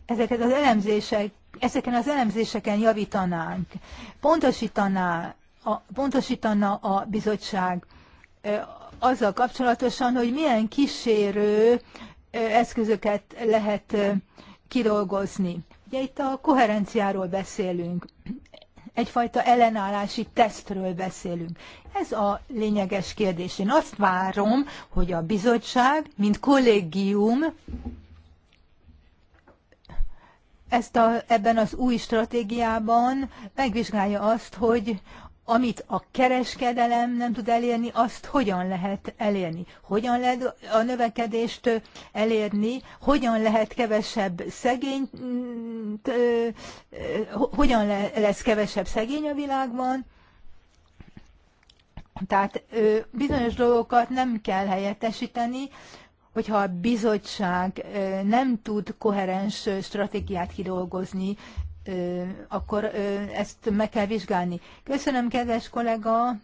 ezeket az elemzések, ezeken az elemzéseken javítanánk, pontosítaná a, pontosítana a bizottság azzal kapcsolatosan, hogy milyen kísérő eszközöket lehet kidolgozni. Ugye itt a koherenciáról beszélünk egyfajta ellenállási tesztről beszélünk. Ez a lényeges kérdés. Én azt várom, hogy a bizottság, mint kollégium, ezt a, ebben az új stratégiában megvizsgálja azt, hogy amit a kereskedelem nem tud elérni, azt hogyan lehet elérni? Hogyan lehet a növekedést elérni? Hogyan lehet kevesebb szegény, mm, hogyan lesz kevesebb szegény a világban? Tehát bizonyos dolgokat nem kell helyettesíteni, hogyha a bizottság nem tud koherens stratégiát kidolgozni akkor ezt meg kell vizsgálni. Köszönöm, kedves kollega!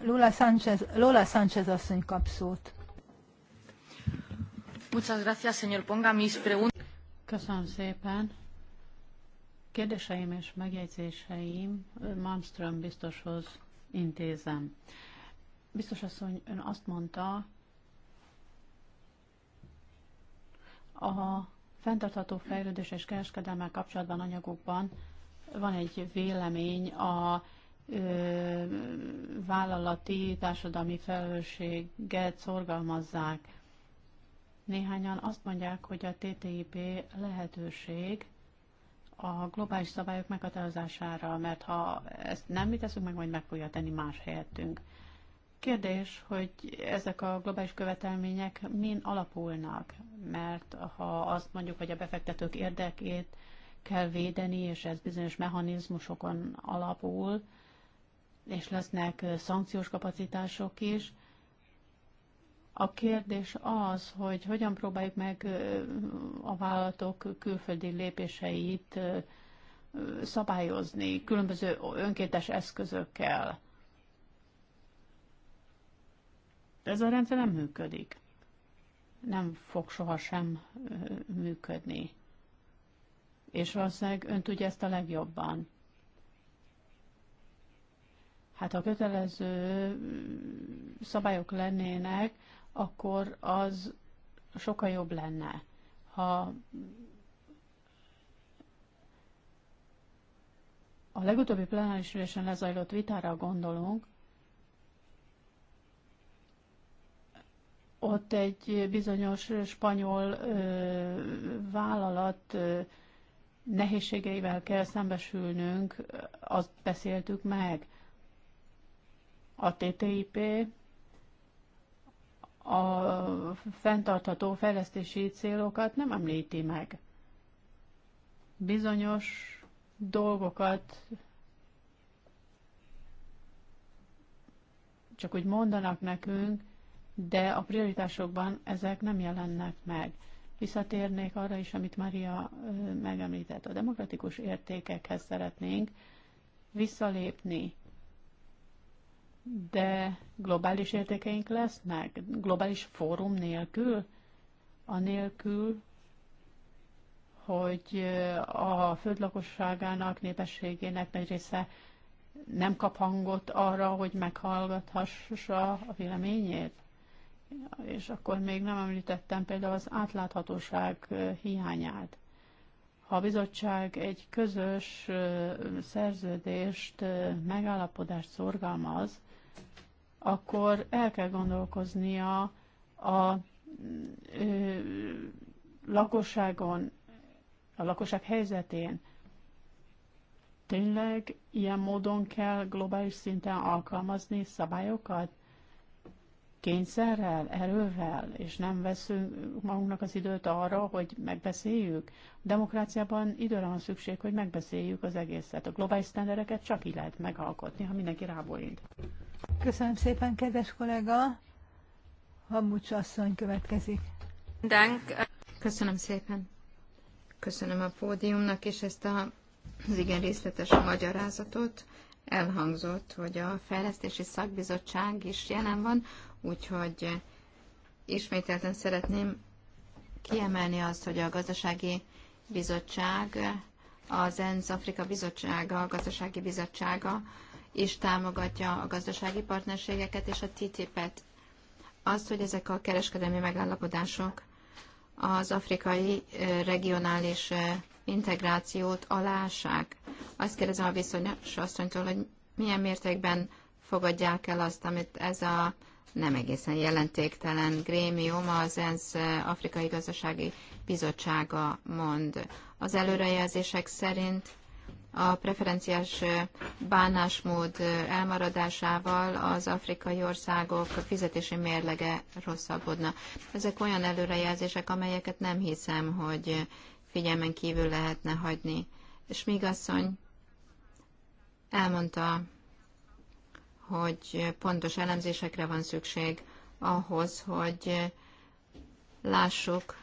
Lola Sánchez, Lola Sánchez asszony kap szót. Muchas gracias, señor Ponga. Mis preguntas... Köszönöm szépen. Kérdéseim és megjegyzéseim Malmström biztoshoz intézem. Biztos asszony, ön azt mondta, a fenntartható fejlődés és kereskedelmel kapcsolatban anyagokban van egy vélemény a ö, vállalati társadalmi felelősséget szorgalmazzák. Néhányan azt mondják, hogy a TTIP lehetőség a globális szabályok meghatározására, mert ha ezt nem mi teszünk meg, majd meg fogja tenni más helyettünk. Kérdés, hogy ezek a globális követelmények min alapulnak, mert ha azt mondjuk, hogy a befektetők érdekét kell védeni, és ez bizonyos mechanizmusokon alapul, és lesznek szankciós kapacitások is, a kérdés az, hogy hogyan próbáljuk meg a vállalatok külföldi lépéseit szabályozni különböző önkéntes eszközökkel. De ez a rendszer nem működik. Nem fog sohasem működni. És valószínűleg ön tudja ezt a legjobban. Hát ha kötelező szabályok lennének, akkor az sokkal jobb lenne. Ha a legutóbbi plenáris ülésen lezajlott vitára gondolunk, ott egy bizonyos spanyol vállalat nehézségeivel kell szembesülnünk, azt beszéltük meg. A TTIP a fenntartható fejlesztési célokat nem említi meg. Bizonyos dolgokat csak úgy mondanak nekünk, de a prioritásokban ezek nem jelennek meg. Visszatérnék arra is, amit Maria megemlített. A demokratikus értékekhez szeretnénk visszalépni, de globális értékeink lesznek, globális fórum nélkül, anélkül, hogy a föld lakosságának, népességének nagy része nem kap hangot arra, hogy meghallgathassa a véleményét? és akkor még nem említettem például az átláthatóság hiányát. Ha a bizottság egy közös szerződést, megállapodást szorgalmaz, akkor el kell gondolkoznia a lakosságon, a lakosság helyzetén. Tényleg ilyen módon kell globális szinten alkalmazni szabályokat? kényszerrel, erővel, és nem veszünk magunknak az időt arra, hogy megbeszéljük. A demokráciában időre van szükség, hogy megbeszéljük az egészet. A globális sztendereket csak így lehet megalkotni, ha mindenki rábólint. Köszönöm szépen, kedves kollega! Hamucs asszony következik. Köszönöm szépen. Köszönöm a pódiumnak és ezt a, az igen részletes magyarázatot. Elhangzott, hogy a Fejlesztési Szakbizottság is jelen van, Úgyhogy eh, ismételten szeretném kiemelni azt, hogy a gazdasági bizottság, az ENSZ Afrika bizottsága, a gazdasági bizottsága is támogatja a gazdasági partnerségeket és a TTIP-et. Azt, hogy ezek a kereskedelmi megállapodások az afrikai eh, regionális eh, integrációt alássák. Azt kérdezem a viszonyos asszonytól, hogy milyen mértékben fogadják el azt, amit ez a nem egészen jelentéktelen grémium, az ENSZ eh, Afrikai Gazdasági Bizottsága mond. Az előrejelzések szerint a preferenciás eh, bánásmód eh, elmaradásával az afrikai országok fizetési mérlege rosszabbodna. Ezek olyan előrejelzések, amelyeket nem hiszem, hogy figyelmen kívül lehetne hagyni. És még asszony elmondta hogy pontos elemzésekre van szükség ahhoz, hogy lássuk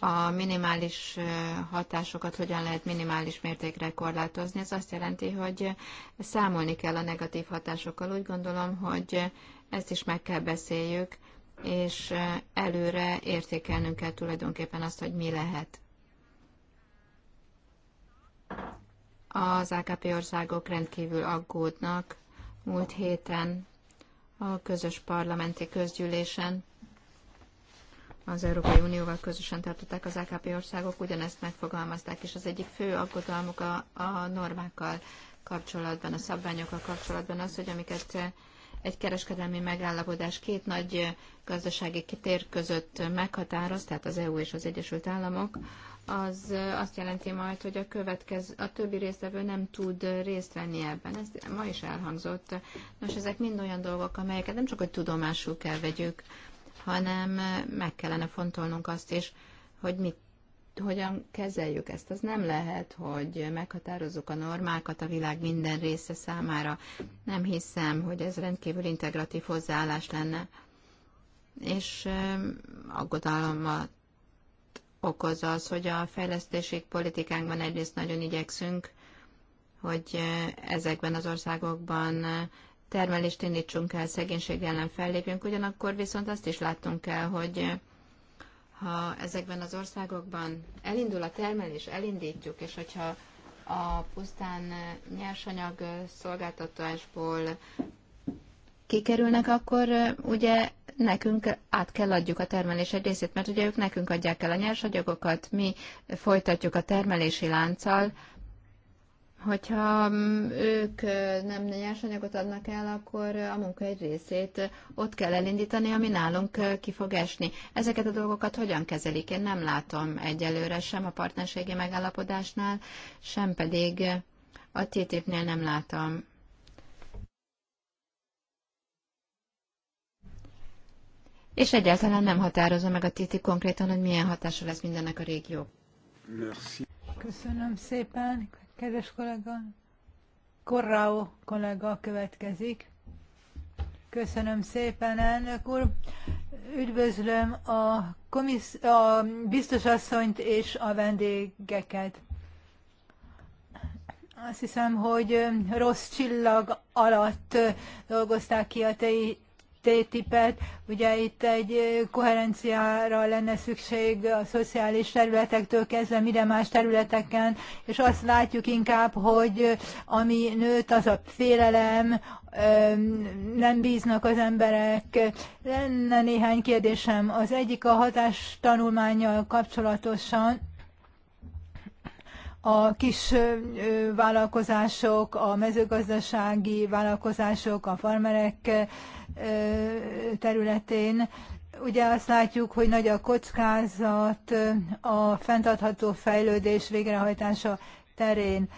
a minimális hatásokat hogyan lehet minimális mértékre korlátozni. Ez azt jelenti, hogy számolni kell a negatív hatásokkal. Úgy gondolom, hogy ezt is meg kell beszéljük, és előre értékelnünk kell tulajdonképpen azt, hogy mi lehet. Az AKP országok rendkívül aggódnak múlt héten a közös parlamenti közgyűlésen az Európai Unióval közösen tartották az AKP országok, ugyanezt megfogalmazták, és az egyik fő aggodalmuk a, a normákkal kapcsolatban, a szabványokkal kapcsolatban az, hogy amiket eh, egy kereskedelmi megállapodás két nagy eh, gazdasági tér között meghatároz, tehát az EU és az Egyesült Államok, az azt jelenti majd, hogy a, következő, a többi résztvevő nem tud részt venni ebben. Ez ma is elhangzott. Nos, ezek mind olyan dolgok, amelyeket nem csak, hogy tudomásul kell vegyük, hanem meg kellene fontolnunk azt is, hogy mit, hogyan kezeljük ezt. Az nem lehet, hogy meghatározzuk a normákat a világ minden része számára. Nem hiszem, hogy ez rendkívül integratív hozzáállás lenne. És aggodalmat okoz az, hogy a fejlesztési politikánkban egyrészt nagyon igyekszünk, hogy eh, ezekben az országokban eh, termelést indítsunk el, szegénység ellen fellépjünk, ugyanakkor viszont azt is láttunk el, hogy eh, ha ezekben az országokban elindul a termelés, elindítjuk, és hogyha a pusztán nyersanyag szolgáltatásból kikerülnek, akkor ugye nekünk át kell adjuk a termelés egy részét, mert ugye ők nekünk adják el a nyersanyagokat, mi folytatjuk a termelési lánccal, hogyha mm, ők nem nyersanyagot adnak el, akkor a munka egy részét ott kell elindítani, ami nálunk ki fog esni. Ezeket a dolgokat hogyan kezelik? Én nem látom egyelőre sem a partnerségi megállapodásnál, sem pedig a TTIP-nél nem látom. és egyáltalán nem határozza meg a TTIP konkrétan, hogy milyen hatása lesz mindennek a régió. Merci. Köszönöm szépen, kedves kollega. Korrao kollega következik. Köszönöm szépen, elnök úr. Üdvözlöm a, komisz- a biztosasszonyt és a vendégeket. Azt hiszem, hogy rossz csillag alatt dolgozták ki a TTIP-et, ugye itt egy koherenciára lenne szükség a szociális területektől kezdve, mire más területeken, és azt látjuk inkább, hogy ami nőtt, az a félelem, nem bíznak az emberek. Lenne néhány kérdésem. Az egyik a hatás kapcsolatosan, a kis vállalkozások, a mezőgazdasági vállalkozások, a farmerek területén. Ugye azt látjuk, hogy nagy a kockázat a fenntartható fejlődés végrehajtása terén.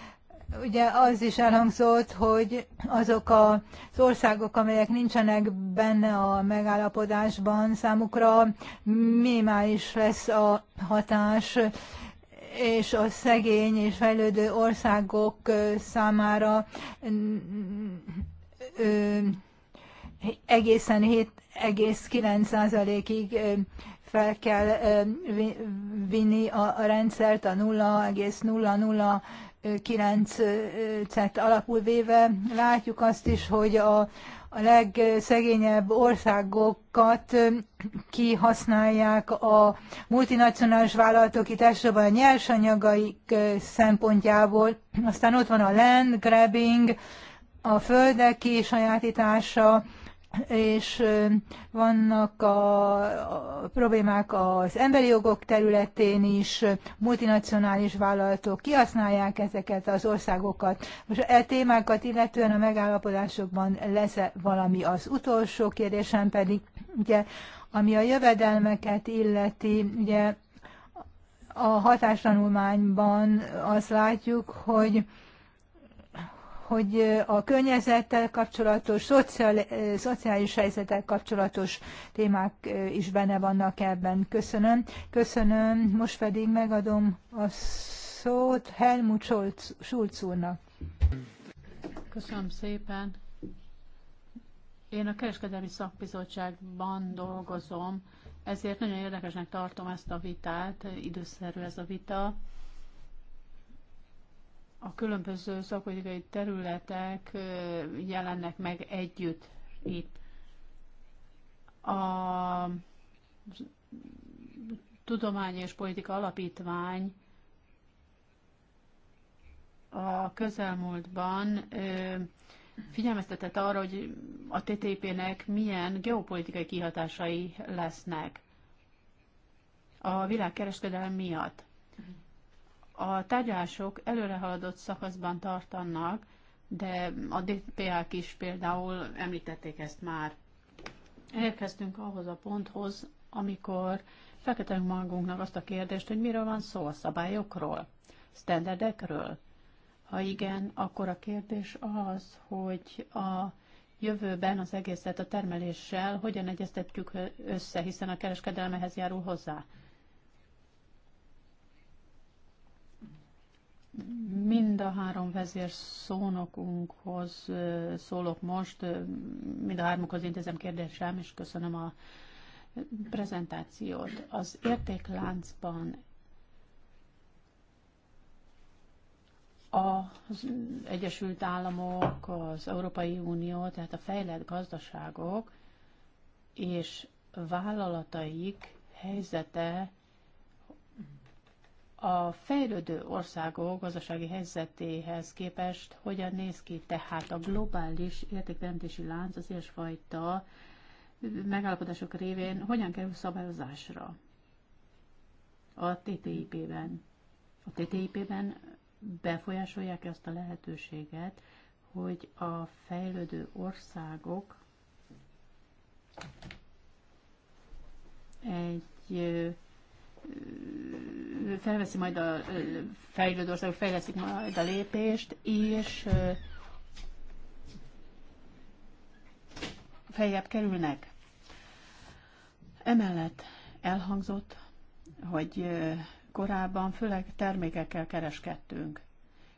Ugye az is elhangzott, hogy azok az országok, amelyek nincsenek benne a megállapodásban, számukra minimális lesz a hatás és a szegény és fejlődő országok számára egészen 7,9%-ig fel kell vinni a rendszert a 0,009-et alapul véve. Látjuk azt is, hogy a, a legszegényebb országokat kihasználják a multinacionális vállalatok, itt elsősorban a nyersanyagaik szempontjából, aztán ott van a land grabbing, a földek kisajátítása, és vannak a, a problémák az emberi jogok területén is, multinacionális vállalatok kihasználják ezeket az országokat. Most e témákat illetően a megállapodásokban lesz -e valami az utolsó kérdésem pedig, ugye, ami a jövedelmeket illeti, ugye a hatástanulmányban azt látjuk, hogy hogy a környezettel kapcsolatos, szociál, szociális helyzettel kapcsolatos témák is benne vannak ebben. Köszönöm. Köszönöm. Most pedig megadom a szót Helmut Schulz úrnak. Köszönöm szépen. Én a Kereskedelmi Szakbizottságban dolgozom, ezért nagyon érdekesnek tartom ezt a vitát, időszerű ez a vita a különböző szakpolitikai területek jelennek meg együtt itt. A Tudomány és Politika Alapítvány a közelmúltban figyelmeztetett arra, hogy a TTP-nek milyen geopolitikai kihatásai lesznek a világkereskedelem miatt. A tárgyalások előrehaladott szakaszban tartanak, de a DPA-k is például említették ezt már. Érkeztünk ahhoz a ponthoz, amikor feltetünk magunknak azt a kérdést, hogy miről van szó a szabályokról, standardekről. Ha igen, akkor a kérdés az, hogy a jövőben az egészet a termeléssel hogyan egyeztetjük össze, hiszen a kereskedelmehez járul hozzá. mind a három vezér szónokunkhoz szólok most, mind a hármukhoz intézem kérdésem, és köszönöm a prezentációt. Az értékláncban az Egyesült Államok, az Európai Unió, tehát a fejlett gazdaságok és vállalataik helyzete a fejlődő országok gazdasági helyzetéhez képest hogyan néz ki tehát a globális értékrendési lánc az ilyesfajta megállapodások révén hogyan kerül szabályozásra a TTIP-ben? A TTIP-ben befolyásolják ezt a lehetőséget, hogy a fejlődő országok egy felveszi majd a fejlődő országok, fejleszik majd a lépést, és feljebb kerülnek. Emellett elhangzott, hogy korábban főleg termékekkel kereskedtünk,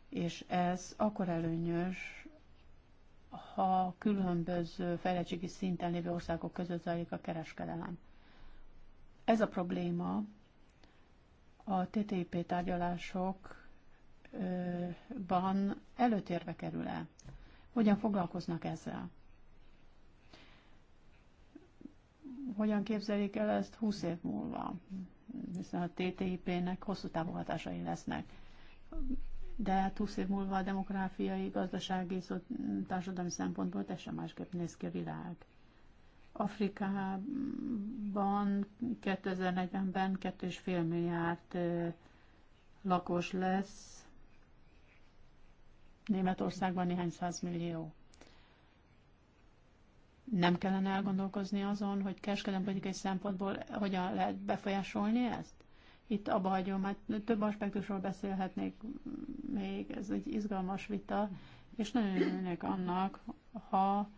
és ez akkor előnyös, ha különböző fejlettségi szinten lévő országok között zajlik a kereskedelem. Ez a probléma a TTIP tárgyalásokban előtérbe kerül-e? Hogyan foglalkoznak ezzel? Hogyan képzelik el ezt 20 év múlva? Hiszen a TTIP-nek hosszú távú hatásai lesznek. De hát 20 év múlva a demográfiai, gazdasági, társadalmi szempontból teljesen másképp néz ki a világ. Afrikában 2040-ben 2,5 milliárd lakos lesz, Németországban néhány százmillió. Nem kellene elgondolkozni azon, hogy kereskedelmpolitikai szempontból hogyan lehet befolyásolni ezt? Itt abba hagyom, hát több aspektusról beszélhetnék még, ez egy izgalmas vita, és nagyon örülnék annak, ha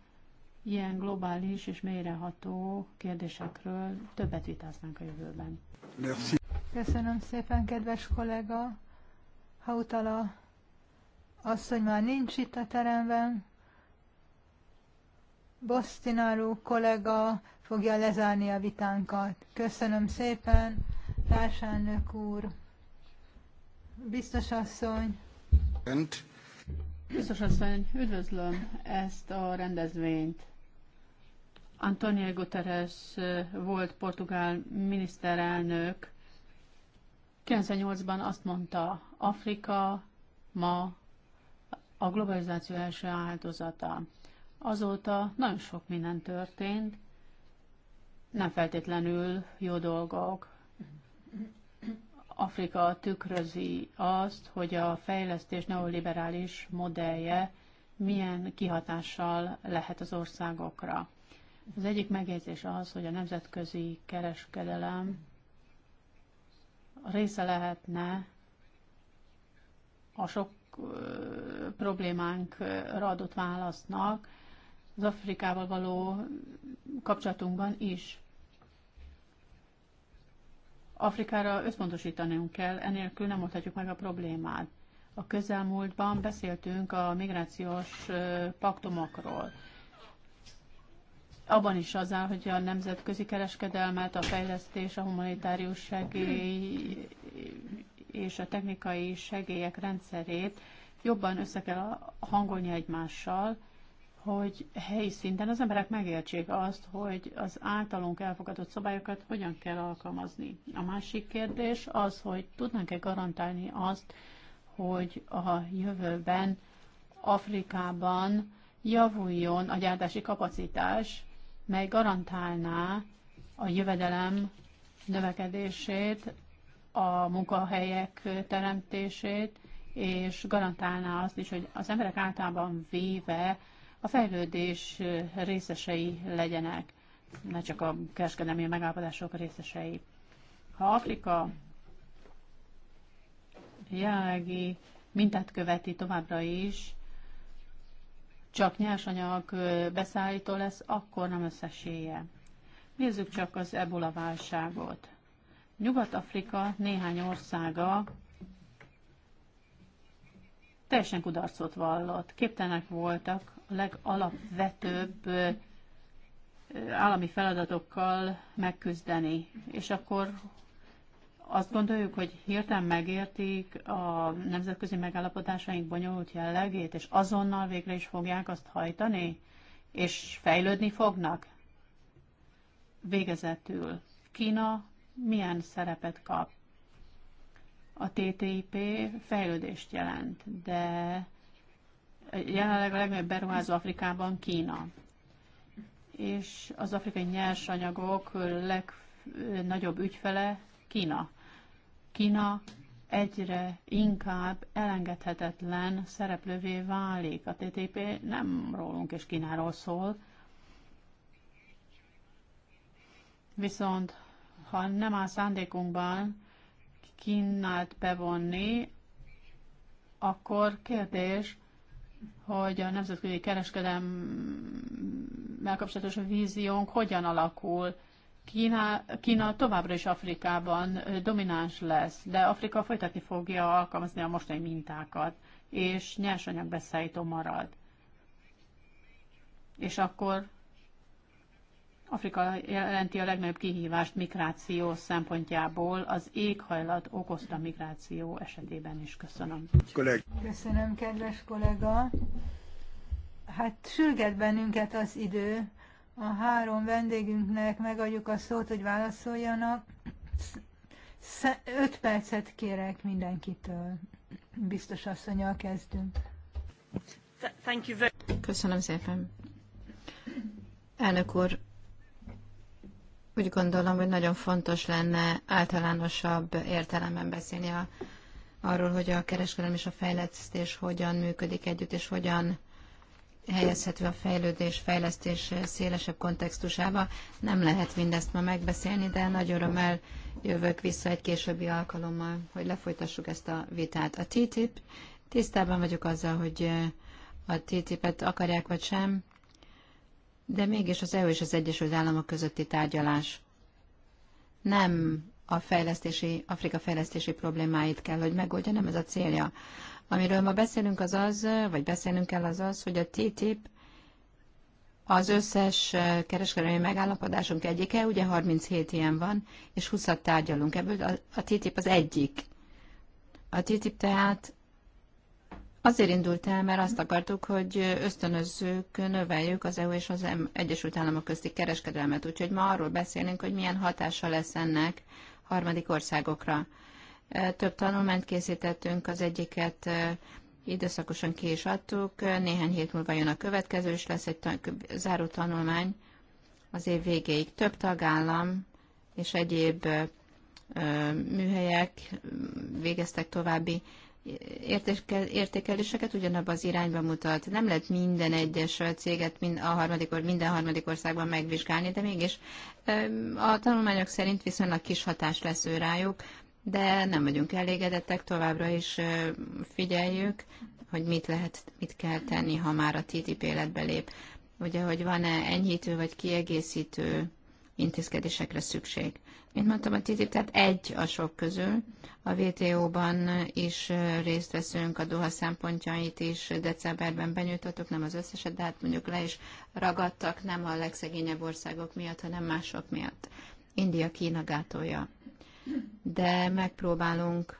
ilyen globális és mélyreható kérdésekről többet vitáznánk a jövőben. Merci. Köszönöm szépen, kedves kollega. Hautala asszony már nincs itt a teremben. Bosztináró kollega fogja lezárni a vitánkat. Köszönöm szépen, társelnök úr, biztos asszony. Biztos asszony, üdvözlöm ezt a rendezvényt. António Guterres volt portugál miniszterelnök, 98-ban azt mondta, Afrika ma a globalizáció első áldozata. Azóta nagyon sok minden történt, nem feltétlenül jó dolgok. Afrika tükrözi azt, hogy a fejlesztés neoliberális modellje milyen kihatással lehet az országokra. Az egyik megjegyzés az, hogy a nemzetközi kereskedelem a része lehetne a sok problémánkra adott válasznak az Afrikával való kapcsolatunkban is. Afrikára összpontosítanunk kell, enélkül nem oldhatjuk meg a problémát. A közelmúltban beszéltünk a migrációs paktumokról abban is az áll, hogy a nemzetközi kereskedelmet, a fejlesztés, a humanitárius segély és a technikai segélyek rendszerét jobban össze kell hangolni egymással, hogy helyi szinten az emberek megértsék azt, hogy az általunk elfogadott szabályokat hogyan kell alkalmazni. A másik kérdés az, hogy tudnánk-e garantálni azt, hogy a jövőben Afrikában javuljon a gyártási kapacitás, mely garantálná a jövedelem növekedését, a munkahelyek teremtését, és garantálná azt is, hogy az emberek általában véve a fejlődés részesei legyenek, ne csak a kereskedelmi megállapodások részesei. Ha Afrika jelenlegi mintát követi továbbra is, csak nyersanyag beszállító lesz, akkor nem lesz esélye. Nézzük csak az ebola válságot. Nyugat-Afrika néhány országa teljesen kudarcot vallott. Képtelenek voltak a legalapvetőbb állami feladatokkal megküzdeni. És akkor azt gondoljuk, hogy hirtelen megértik a nemzetközi megállapodásaink bonyolult jellegét, és azonnal végre is fogják azt hajtani, és fejlődni fognak? Végezetül, Kína milyen szerepet kap? A TTIP fejlődést jelent, de jelenleg a legnagyobb beruházó Afrikában Kína. És az afrikai nyersanyagok legnagyobb ügyfele Kína. Kína egyre inkább elengedhetetlen szereplővé válik. A TTP nem rólunk és Kínáról szól, viszont ha nem áll szándékunkban Kínát bevonni, akkor kérdés, hogy a nemzetközi kereskedelemmel kapcsolatos víziónk hogyan alakul. Kína, Kína továbbra is Afrikában domináns lesz, de Afrika folytatni fogja alkalmazni a mostani mintákat, és nyersanyag beszállító marad. És akkor Afrika jelenti a legnagyobb kihívást migráció szempontjából, az éghajlat okozta migráció esetében is. Köszönöm. Köszönöm, kedves kollega. Hát sürget bennünket az idő, a három vendégünknek megadjuk a szót, hogy válaszoljanak. Öt percet kérek mindenkitől. Biztos asszonyal kezdünk. Thank you very. Köszönöm szépen. Elnök úr, úgy gondolom, hogy nagyon fontos lenne általánosabb értelemben beszélni a, arról, hogy a kereskedelem és a fejlesztés hogyan működik együtt, és hogyan helyezhető a fejlődés, fejlesztés szélesebb kontextusába. Nem lehet mindezt ma megbeszélni, de nagy örömmel jövök vissza egy későbbi alkalommal, hogy lefolytassuk ezt a vitát. A TTIP, tisztában vagyok azzal, hogy eh, a TTIP-et akarják vagy sem, de mégis az EU és az Egyesült Államok közötti tárgyalás nem a fejlesztési, Afrika fejlesztési problémáit kell, hogy megoldja, nem ez a célja. Amiről ma beszélünk az az, vagy beszélnünk kell az az, hogy a TTIP az összes kereskedelmi megállapodásunk egyike, ugye 37 ilyen van, és 20-at tárgyalunk. Ebből a TTIP az egyik. A TTIP tehát azért indult el, mert azt akartuk, hogy ösztönözzük, növeljük az EU és az Egyesült Államok közti kereskedelmet. Úgyhogy ma arról beszélünk, hogy milyen hatása lesz ennek harmadik országokra. Több tanulmányt készítettünk, az egyiket időszakosan ki is adtuk, néhány hét múlva jön a következő, és lesz egy záró tanulmány az év végéig. Több tagállam és egyéb műhelyek végeztek további értékeléseket ugyanabban az irányba mutat. Nem lehet minden egyes céget mind a harmadik, minden harmadik országban megvizsgálni, de mégis a tanulmányok szerint viszonylag kis hatás lesz ő rájuk, de nem vagyunk elégedettek, továbbra is figyeljük, hogy mit lehet, mit kell tenni, ha már a TTIP életbe lép. Ugye, hogy van-e enyhítő vagy kiegészítő intézkedésekre szükség. Mint mondtam, a TTIP tehát egy a sok közül. A WTO-ban is részt veszünk, a Doha szempontjait is decemberben benyújtottuk, nem az összeset, de hát mondjuk le is ragadtak, nem a legszegényebb országok miatt, hanem mások miatt. India Kína gátolja de megpróbálunk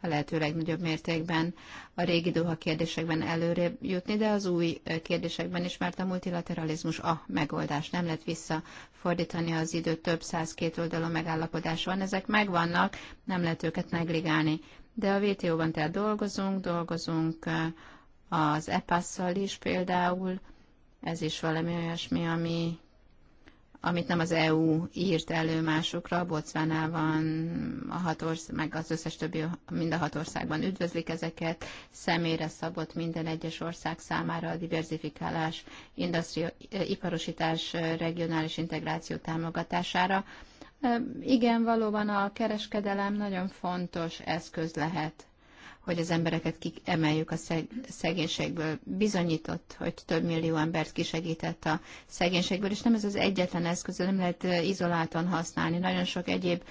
a lehető legnagyobb mértékben a régi Doha kérdésekben előre jutni, de az új kérdésekben is, mert a multilateralizmus a megoldás. Nem lehet visszafordítani az időt, több száz két oldalon megállapodás van, ezek megvannak, nem lehet őket negligálni. De a WTO-ban tehát dolgozunk, dolgozunk eh, az EPAS-szal is például, ez is valami olyasmi, ami amit nem az EU írt elő másokra, Botswanában, a hat orsz- meg az összes többi, mind a hat országban üdvözlik ezeket, személyre szabott minden egyes ország számára a diversifikálás, industri- iparosítás, regionális integráció támogatására. Igen, valóban a kereskedelem nagyon fontos eszköz lehet hogy az embereket emeljük a szeg, szegénységből. Bizonyított, hogy több millió embert kisegített a szegénységből, és nem ez az egyetlen eszköz, nem lehet izoláltan használni. Nagyon sok egyéb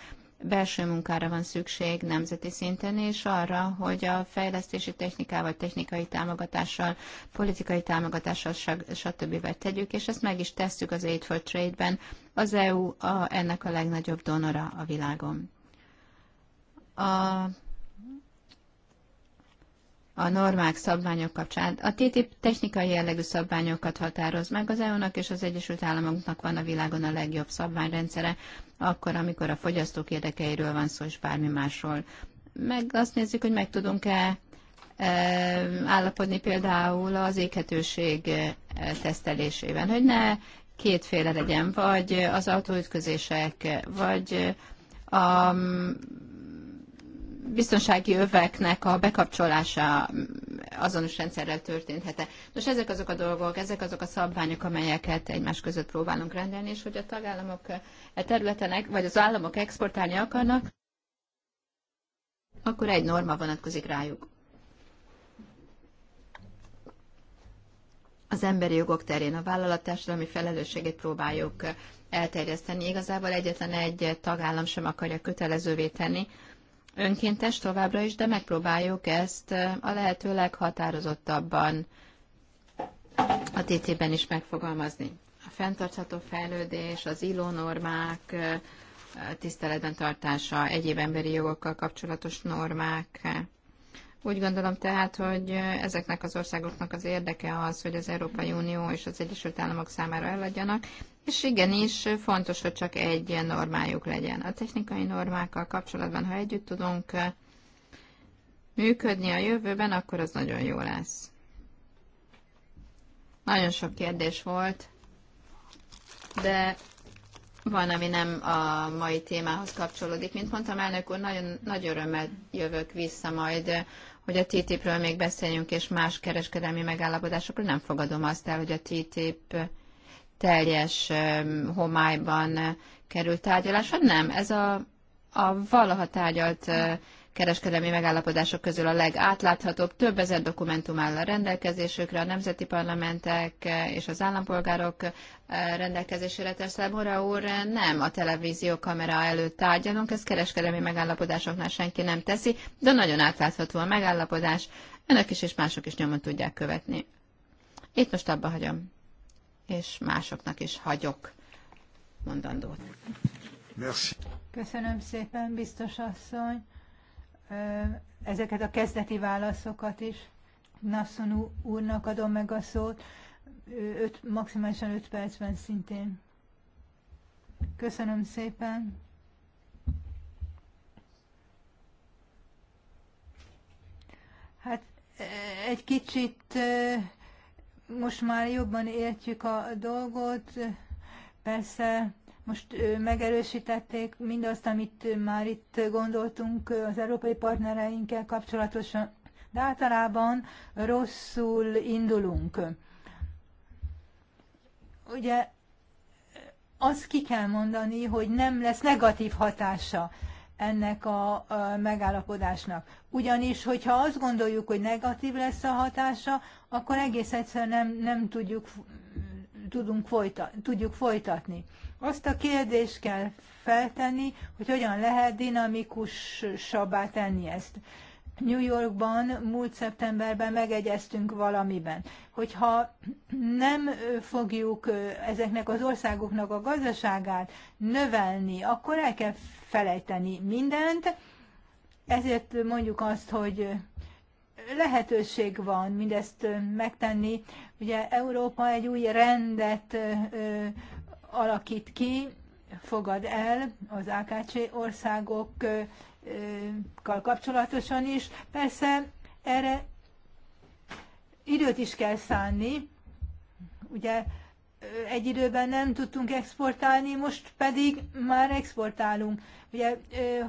belső munkára van szükség nemzeti szinten, és arra, hogy a fejlesztési technikával, technikai támogatással, politikai támogatással, stb. tegyük, és ezt meg is tesszük az Aid for Trade-ben. Az EU a, ennek a legnagyobb donora a világon. A a normák, szabványok kapcsán. A TTIP technikai jellegű szabványokat határoz meg, az EU-nak és az Egyesült Államoknak van a világon a legjobb szabványrendszere, akkor, amikor a fogyasztók érdekeiről van szó, és bármi másról. Meg azt nézzük, hogy meg tudunk-e e, állapodni például az éghetőség e, tesztelésében, hogy ne kétféle legyen, vagy az autóütközések, vagy a biztonsági öveknek a bekapcsolása azonos rendszerrel történhet-e. Nos, ezek azok a dolgok, ezek azok a szabványok, amelyeket egymás között próbálunk rendelni, és hogy a tagállamok e területenek, vagy az államok exportálni akarnak, akkor egy norma vonatkozik rájuk. Az emberi jogok terén a vállalatársadalmi felelősségét próbáljuk e, elterjeszteni. Igazából egyetlen egy tagállam sem akarja kötelezővé tenni, önkéntes továbbra is, de megpróbáljuk ezt a lehető leghatározottabban a TT-ben is megfogalmazni. A fenntartható fejlődés, az ilónormák, normák, tiszteletben tartása, egyéb emberi jogokkal kapcsolatos normák, úgy gondolom tehát, hogy ezeknek az országoknak az érdeke az, hogy az Európai Unió és az Egyesült Államok számára eladjanak, és igenis fontos, hogy csak egy normájuk legyen. A technikai normákkal kapcsolatban, ha együtt tudunk működni a jövőben, akkor az nagyon jó lesz. Nagyon sok kérdés volt, de van, ami nem a mai témához kapcsolódik. Mint mondtam, elnök úr, nagyon nagy örömmel jövök vissza majd hogy a TTIP-ről még beszéljünk, és más kereskedelmi megállapodásokról. Nem fogadom azt el, hogy a TTIP teljes homályban került tárgyalásra. Nem, ez a, a valaha tárgyalt kereskedelmi megállapodások közül a legátláthatóbb. Több ezer dokumentum áll a rendelkezésükre, a nemzeti parlamentek és az állampolgárok eh, rendelkezésére tesz Bora úr, nem a televízió kamera előtt tárgyalunk, ezt kereskedelmi megállapodásoknál senki nem teszi, de nagyon átlátható a megállapodás, önök is és mások is nyomon tudják követni. Itt most abba hagyom, és másoknak is hagyok mondandót. Merci. Köszönöm szépen, biztos asszony ezeket a kezdeti válaszokat is. Nasszon úrnak adom meg a szót, öt, maximálisan 5 percben szintén. Köszönöm szépen. Hát egy kicsit most már jobban értjük a dolgot, persze most megerősítették mindazt, amit már itt gondoltunk az európai partnereinkkel kapcsolatosan, de általában rosszul indulunk. Ugye azt ki kell mondani, hogy nem lesz negatív hatása ennek a, a megállapodásnak. Ugyanis, hogyha azt gondoljuk, hogy negatív lesz a hatása, akkor egész egyszerűen nem, nem tudjuk, tudunk folyta, tudjuk folytatni. Azt a kérdést kell feltenni, hogy hogyan lehet dinamikusabbá tenni ezt. New Yorkban múlt szeptemberben megegyeztünk valamiben, hogyha nem fogjuk ezeknek az országoknak a gazdaságát növelni, akkor el kell felejteni mindent, ezért mondjuk azt, hogy lehetőség van mindezt megtenni. Ugye Európa egy új rendet alakít ki, fogad el az AKC országokkal kapcsolatosan is. Persze erre időt is kell szánni, ugye egy időben nem tudtunk exportálni, most pedig már exportálunk. Ugye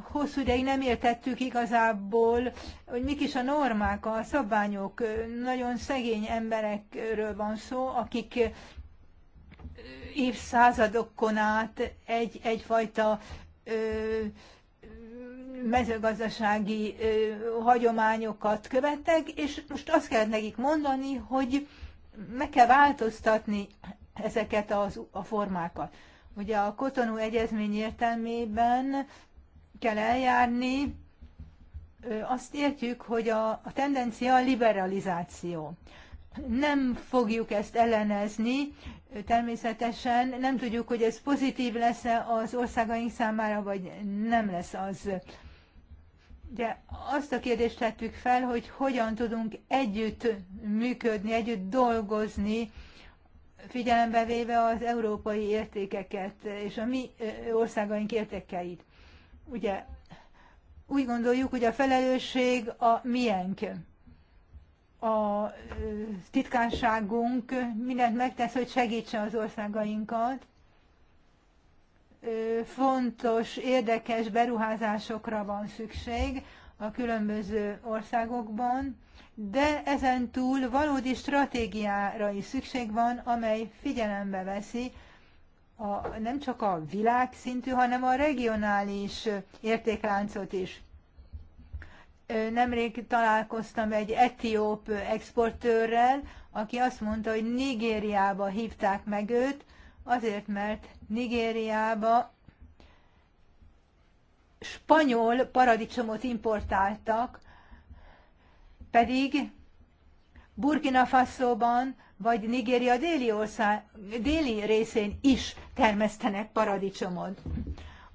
hosszú ideig nem értettük igazából, hogy mik is a normák, a szabványok. Nagyon szegény emberekről van szó, akik évszázadokon át egy, egyfajta ö, mezőgazdasági ö, hagyományokat követtek, és most azt kell nekik mondani, hogy meg kell változtatni ezeket az, a formákat. Ugye a Kotonú Egyezmény értelmében kell eljárni, ö, azt értjük, hogy a, a tendencia a liberalizáció. Nem fogjuk ezt ellenezni, természetesen. Nem tudjuk, hogy ez pozitív lesz-e az országaink számára, vagy nem lesz az. De azt a kérdést tettük fel, hogy hogyan tudunk együtt működni, együtt dolgozni, figyelembe véve az európai értékeket és a mi országaink értékeit. Ugye úgy gondoljuk, hogy a felelősség a miénk a titkárságunk mindent megtesz, hogy segítse az országainkat. Fontos, érdekes beruházásokra van szükség a különböző országokban, de ezen túl valódi stratégiára is szükség van, amely figyelembe veszi a, nem csak a világszintű, hanem a regionális értékláncot is. Nemrég találkoztam egy etióp exportőrrel, aki azt mondta, hogy Nigériába hívták meg őt, azért, mert Nigériába spanyol paradicsomot importáltak, pedig Burkina Faso-ban vagy Nigéria déli, ország, déli részén is termesztenek paradicsomot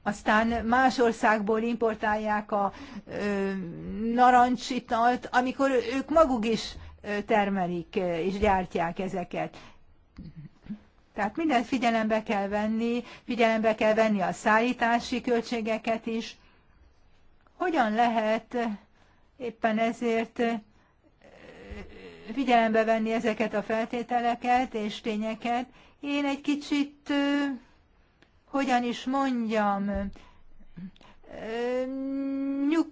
aztán más országból importálják a narancsitalt, amikor ők maguk is termelik és gyártják ezeket. Tehát mindent figyelembe kell venni, figyelembe kell venni a szállítási költségeket is. Hogyan lehet éppen ezért figyelembe venni ezeket a feltételeket és tényeket? Én egy kicsit hogyan is mondjam, nyug,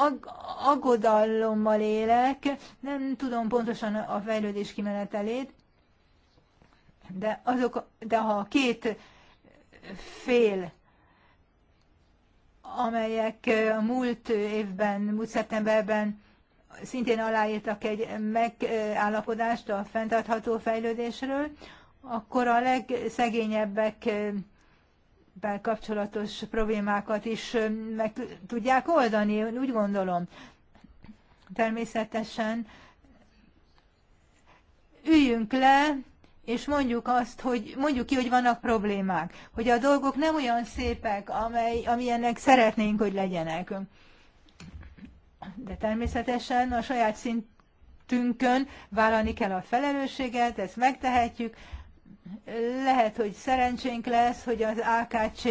ag, aggodalommal élek, nem tudom pontosan a fejlődés kimenetelét, de, azok, de ha a két fél, amelyek a múlt évben, múlt szeptemberben szintén aláírtak egy megállapodást a fenntartható fejlődésről, akkor a legszegényebbekkel kapcsolatos problémákat is meg tudják oldani, úgy gondolom. Természetesen üljünk le, és mondjuk azt, hogy mondjuk ki, hogy vannak problémák, hogy a dolgok nem olyan szépek, amely, amilyennek szeretnénk, hogy legyenek. De természetesen a saját szintünkön vállalni kell a felelősséget, ezt megtehetjük, lehet, hogy szerencsénk lesz, hogy az AKC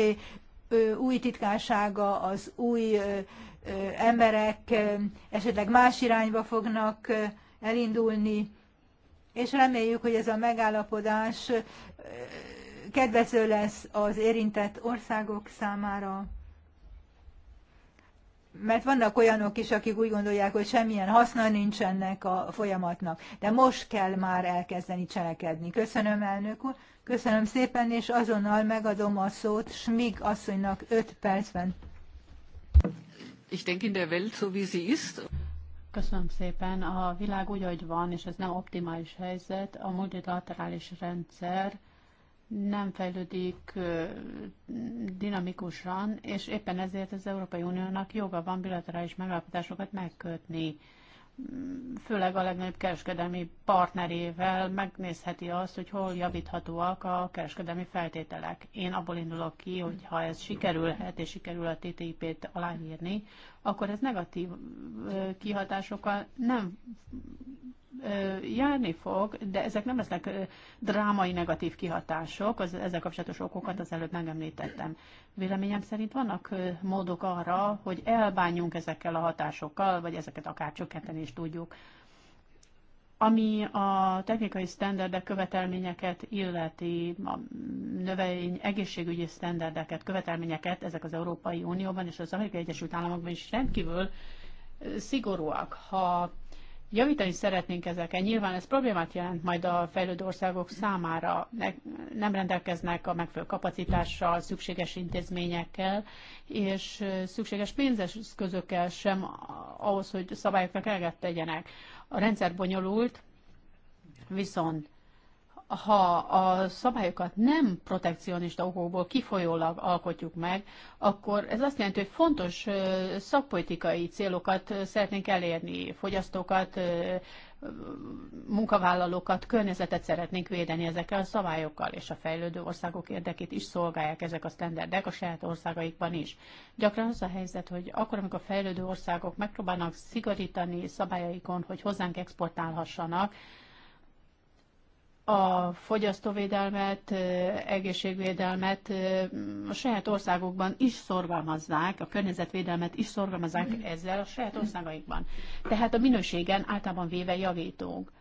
új titkársága, az új emberek esetleg más irányba fognak elindulni, és reméljük, hogy ez a megállapodás kedvező lesz az érintett országok számára mert vannak olyanok is, akik úgy gondolják, hogy semmilyen haszna nincs ennek a folyamatnak. De most kell már elkezdeni cselekedni. Köszönöm, elnök úr. Köszönöm szépen, és azonnal megadom a szót Smig asszonynak 5 percben. Ich denke in der Welt, so wie sie ist. Köszönöm szépen. A világ úgy, ahogy van, és ez nem optimális helyzet, a multilaterális rendszer nem fejlődik dinamikusan, és éppen ezért az Európai Uniónak joga van bilaterális megállapodásokat megkötni. Főleg a legnagyobb kereskedelmi partnerével megnézheti azt, hogy hol javíthatóak a kereskedelmi feltételek. Én abból indulok ki, hogy ha ez sikerülhet, és sikerül a TTIP-t aláírni, akkor ez negatív kihatásokkal nem járni fog, de ezek nem lesznek drámai negatív kihatások, az, ezzel kapcsolatos okokat az előbb megemlítettem. Véleményem szerint vannak módok arra, hogy elbánjunk ezekkel a hatásokkal, vagy ezeket akár csökkenteni is tudjuk. Ami a technikai sztenderdek követelményeket illeti, a növény egészségügyi sztenderdeket, követelményeket, ezek az Európai Unióban és az Amerikai Egyesült Államokban is rendkívül szigorúak. Ha javítani szeretnénk ezeken, nyilván ez problémát jelent majd a fejlődő országok számára, nem rendelkeznek a megfelelő kapacitással, szükséges intézményekkel, és szükséges pénzes közökkel sem ahhoz, hogy szabályoknak eleget tegyenek. A rendszer bonyolult, viszont ha a szabályokat nem protekcionista okokból kifolyólag alkotjuk meg, akkor ez azt jelenti, hogy fontos szakpolitikai célokat szeretnénk elérni, fogyasztókat munkavállalókat, környezetet szeretnénk védeni ezekkel a szabályokkal, és a fejlődő országok érdekét is szolgálják ezek a standardek a saját országaikban is. Gyakran az a helyzet, hogy akkor, amikor a fejlődő országok megpróbálnak szigorítani szabályaikon, hogy hozzánk exportálhassanak, a fogyasztóvédelmet, egészségvédelmet a saját országokban is szorgalmazzák, a környezetvédelmet is szorgalmazzák mm. ezzel a saját mm. országaikban. Tehát a minőségen általában véve javítunk.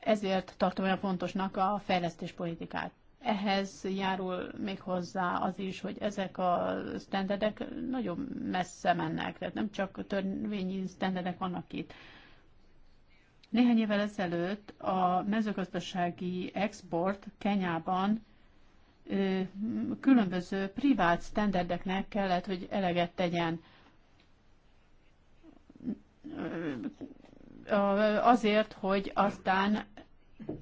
Ezért tartom olyan fontosnak a fejlesztéspolitikát. Ehhez járul még hozzá az is, hogy ezek a standardek nagyon messze mennek, tehát nem csak törvényi standardek vannak itt, néhány évvel ezelőtt a mezőgazdasági export Kenyában különböző privát standardeknek kellett, hogy eleget tegyen. Azért, hogy aztán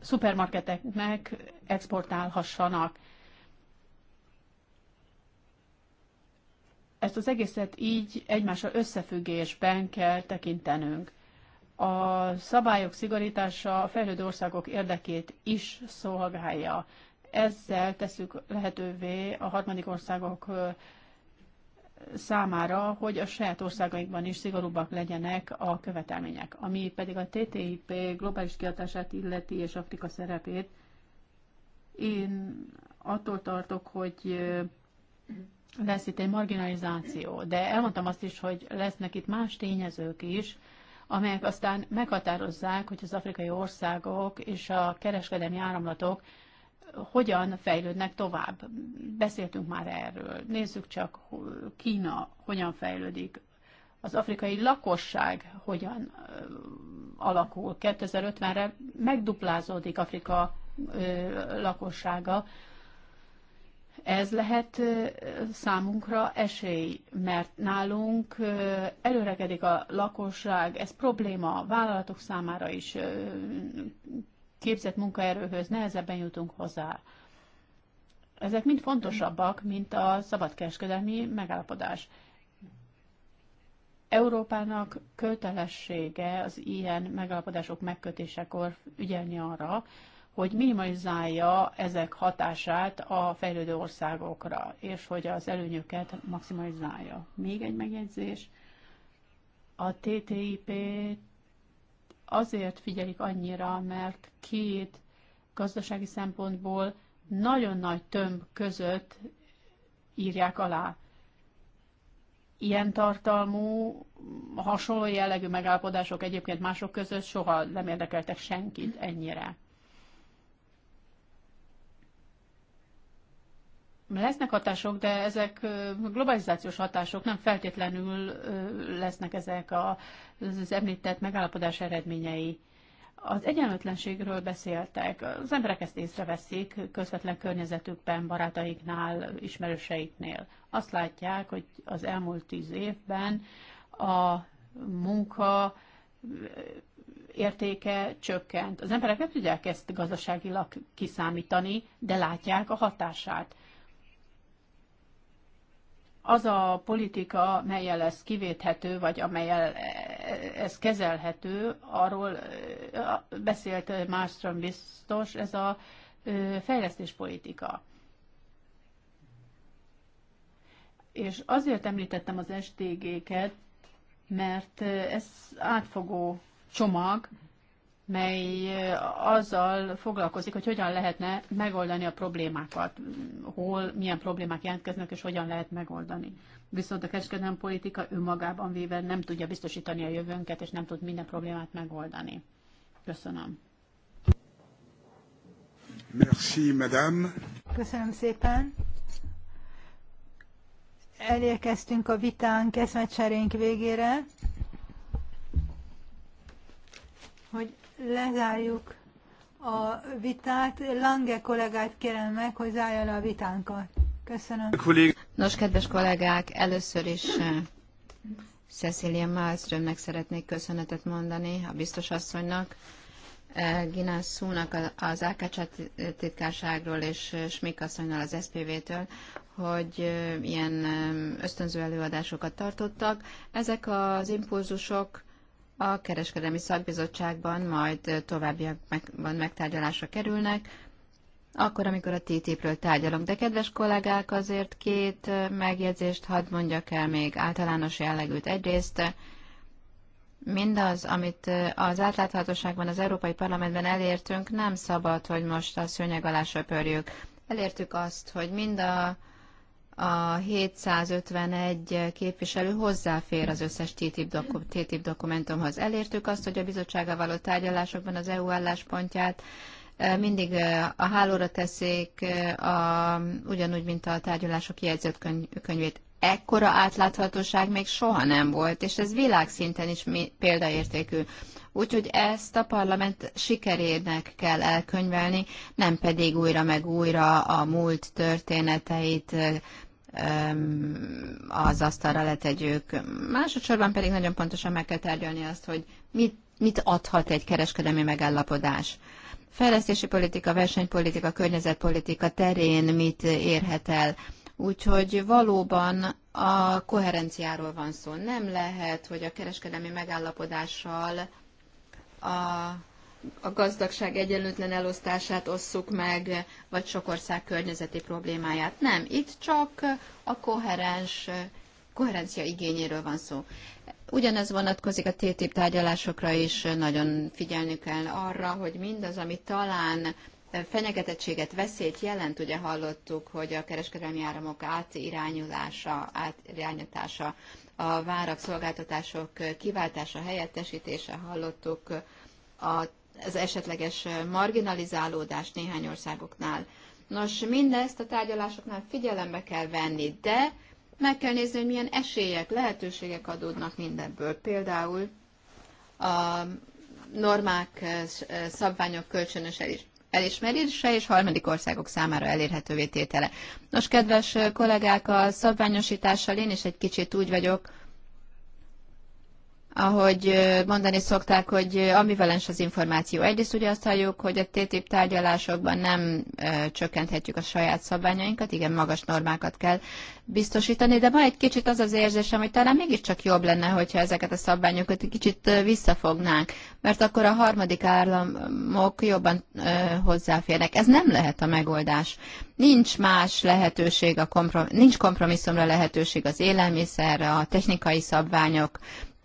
szupermarketeknek exportálhassanak. Ezt az egészet így egymással összefüggésben kell tekintenünk a szabályok szigorítása a fejlődő országok érdekét is szolgálja. Ezzel teszük lehetővé a harmadik országok számára, hogy a saját országaikban is szigorúbbak legyenek a követelmények. Ami pedig a TTIP globális kiadását illeti és Afrika szerepét, én attól tartok, hogy lesz itt egy marginalizáció, de elmondtam azt is, hogy lesznek itt más tényezők is, amelyek aztán meghatározzák, hogy az afrikai országok és a kereskedelmi áramlatok hogyan fejlődnek tovább. Beszéltünk már erről. Nézzük csak, Kína hogyan fejlődik, az afrikai lakosság hogyan alakul. 2050-re megduplázódik Afrika lakossága, ez lehet számunkra esély, mert nálunk előregedik a lakosság, ez probléma a vállalatok számára is, képzett munkaerőhöz nehezebben jutunk hozzá. Ezek mind fontosabbak, mint a szabadkereskedelmi megállapodás. Európának kötelessége az ilyen megállapodások megkötésekor ügyelni arra, hogy minimalizálja ezek hatását a fejlődő országokra, és hogy az előnyöket maximalizálja. Még egy megjegyzés, a TTIP azért figyelik annyira, mert két gazdasági szempontból nagyon nagy tömb között írják alá. Ilyen tartalmú, hasonló jellegű megállapodások egyébként mások között soha nem érdekeltek senkit ennyire. lesznek hatások, de ezek globalizációs hatások, nem feltétlenül lesznek ezek az említett megállapodás eredményei. Az egyenlőtlenségről beszéltek, az emberek ezt észreveszik közvetlen környezetükben, barátaiknál, ismerőseiknél. Azt látják, hogy az elmúlt tíz évben a munka értéke csökkent. Az emberek nem tudják ezt gazdaságilag kiszámítani, de látják a hatását az a politika, melyel ez kivéthető, vagy amelyel e, ez kezelhető, arról e, beszélt Mástrom biztos, ez a e, fejlesztéspolitika. És azért említettem az STG-ket, mert ez átfogó csomag, mely eh, azzal foglalkozik, hogy hogyan lehetne megoldani a problémákat, hol milyen problémák jelentkeznek, és hogyan lehet megoldani. Viszont a kereskedelmi politika önmagában véve nem tudja biztosítani a jövőnket, és nem tud minden problémát megoldani. Köszönöm. Merci, madame. Köszönöm szépen. Elérkeztünk a vitánk eszmecserénk végére, hogy lezárjuk a vitát. Lange kollégát kérem meg, hogy zárja le a vitánkat. Köszönöm. Nos, kedves kollégák, először is eh, Cecilia Malmströmnek szeretnék köszönetet mondani, a biztos asszonynak, eh, Ginás Szúnak az AKC titkárságról és eh, Smik asszonynal az SPV-től, hogy ilyen ösztönző előadásokat tartottak. Ezek az impulzusok a kereskedelmi szakbizottságban majd továbbiakban megtárgyalásra kerülnek, akkor, amikor a TTIP-ről tárgyalunk. De kedves kollégák, azért két megjegyzést hadd mondjak el még általános jellegűt. Egyrészt mindaz, amit az átláthatóságban az Európai Parlamentben elértünk, nem szabad, hogy most a szőnyeg alá söpörjük. Elértük azt, hogy mind a a 751 képviselő hozzáfér az összes TTIP, dokum, TTIP dokumentumhoz. Elértük azt, hogy a bizottsága való tárgyalásokban az EU álláspontját e, mindig e, a hálóra teszik, e, a, ugyanúgy, mint a tárgyalások jegyzett könyvét. Ekkora átláthatóság még soha nem volt, és ez világszinten is példaértékű. Úgyhogy ezt a parlament sikerének kell elkönyvelni, nem pedig újra meg újra a múlt történeteit az asztalra letegyük. Másodszorban pedig nagyon pontosan meg kell tárgyalni azt, hogy mit, mit adhat egy kereskedelmi megállapodás. Fejlesztési politika, versenypolitika, környezetpolitika terén mit érhet el. Úgyhogy valóban a koherenciáról van szó. Nem lehet, hogy a kereskedelmi megállapodással a a gazdagság egyenlőtlen elosztását osszuk meg, vagy sok ország környezeti problémáját. Nem, itt csak a koherens, koherencia igényéről van szó. Ugyanez vonatkozik a TTIP tárgyalásokra is, nagyon figyelni kell arra, hogy mindaz, ami talán fenyegetettséget, veszélyt jelent, ugye hallottuk, hogy a kereskedelmi áramok átirányulása, átirányítása, a várak szolgáltatások kiváltása, helyettesítése, hallottuk a az esetleges marginalizálódás néhány országoknál. Nos, mindezt a tárgyalásoknál figyelembe kell venni, de meg kell nézni, hogy milyen esélyek, lehetőségek adódnak mindenből. Például a normák, eh, szabványok kölcsönös elismerése és harmadik országok számára elérhetővé tétele. Nos, kedves eh, kollégák, a szabványosítással én is egy kicsit úgy vagyok, ahogy mondani szokták, hogy ambivalens az információ. Egyrészt ugye azt halljuk, hogy a TTIP tárgyalásokban nem csökkenthetjük a saját szabványainkat, igen, magas normákat kell biztosítani, de ma egy kicsit az az érzésem, hogy talán mégiscsak jobb lenne, hogyha ezeket a szabványokat kicsit visszafognánk, mert akkor a harmadik államok jobban hozzáférnek. Ez nem lehet a megoldás. Nincs más lehetőség, a komprom- nincs kompromisszumra lehetőség az élelmiszerre, a technikai szabványok,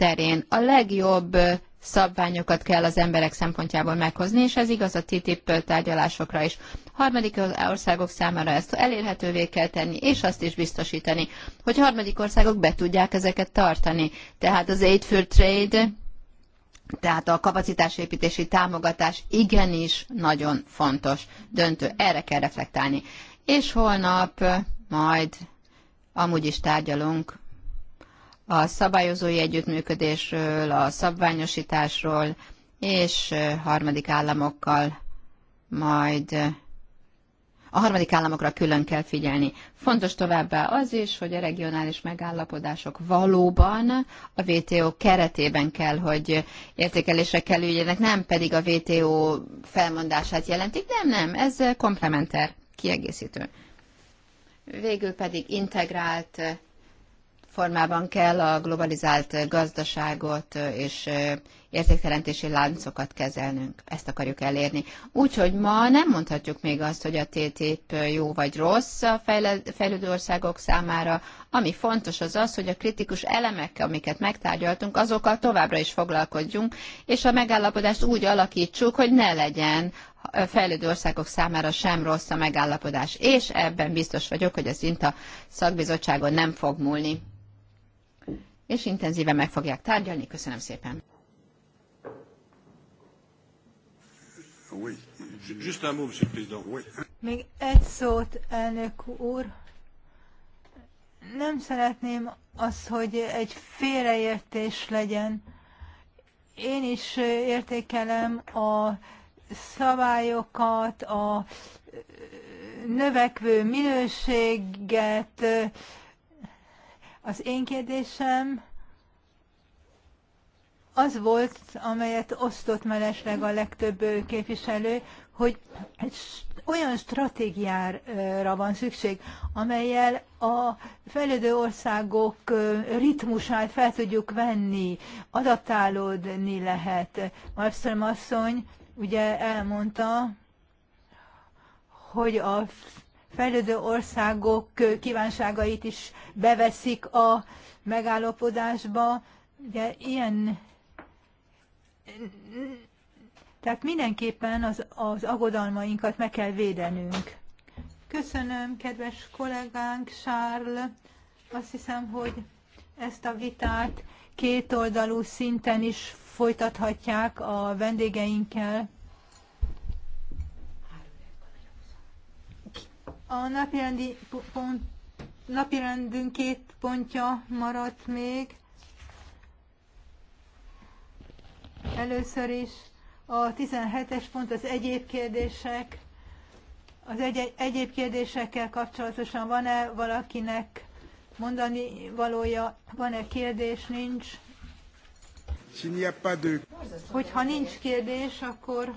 terén a legjobb szabványokat kell az emberek szempontjából meghozni, és ez igaz a TTIP tárgyalásokra is. Harmadik országok számára ezt elérhetővé kell tenni, és azt is biztosítani, hogy harmadik országok be tudják ezeket tartani. Tehát az Aid for Trade, tehát a kapacitásépítési támogatás igenis nagyon fontos, döntő. Erre kell reflektálni. És holnap majd amúgy is tárgyalunk a szabályozói együttműködésről, a szabványosításról és harmadik államokkal majd a harmadik államokra külön kell figyelni. Fontos továbbá az is, hogy a regionális megállapodások valóban a WTO keretében kell, hogy értékelésre kerüljenek, nem pedig a WTO felmondását jelentik. Nem, nem, ez komplementer, kiegészítő. Végül pedig integrált formában kell a globalizált gazdaságot és értékteremtési láncokat kezelnünk. Ezt akarjuk elérni. Úgyhogy ma nem mondhatjuk még azt, hogy a TTIP jó vagy rossz a fejlődő országok számára. Ami fontos az az, hogy a kritikus elemek, amiket megtárgyaltunk, azokkal továbbra is foglalkodjunk, és a megállapodást úgy alakítsuk, hogy ne legyen fejlődő országok számára sem rossz a megállapodás. És ebben biztos vagyok, hogy az INTA szakbizottságon nem fog múlni és intenzíven meg fogják tárgyalni. Köszönöm szépen. Még egy szót, elnök úr. Nem szeretném az, hogy egy félreértés legyen. Én is értékelem a szabályokat, a növekvő minőséget, az én kérdésem az volt, amelyet osztott melesleg a legtöbb képviselő, hogy egy olyan stratégiára van szükség, amelyel a fejlődő országok ritmusát fel tudjuk venni, adaptálódni lehet. Malmström asszony ugye elmondta, hogy a fejlődő országok kívánságait is beveszik a megállapodásba. Ugye ilyen tehát mindenképpen az, az agodalmainkat meg kell védenünk. Köszönöm, kedves kollégánk, Charles. Azt hiszem, hogy ezt a vitát kétoldalú szinten is folytathatják a vendégeinkkel. A napirendi pont, napirendünk két pontja maradt még. Először is a 17-es pont az egyéb kérdések. Az egy- egyéb kérdésekkel kapcsolatosan van-e valakinek mondani valója, van-e kérdés, nincs? Hogyha nincs kérdés, akkor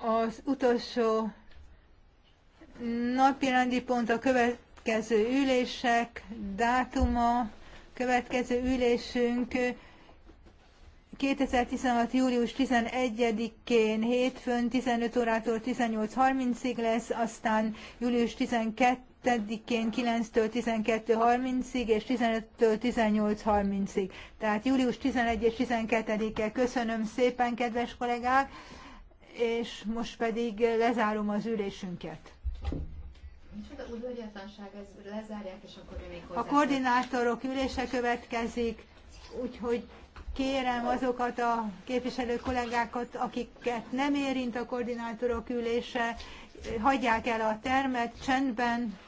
Az utolsó napirendi pont a következő ülések dátuma, következő ülésünk 2016. július 11-én hétfőn 15 órától 18.30-ig lesz, aztán július 12-én 9-től 12.30-ig és 15-től 18.30-ig. Tehát július 11 és 12-e. Köszönöm szépen, kedves kollégák! és most pedig lezárom az ülésünket. Micsoda udvariatlanság, ez lezárják, és akkor még A koordinátorok ülése következik, úgyhogy kérem azokat a képviselő kollégákat, akiket nem érint a koordinátorok ülése, hagyják el a termet csendben,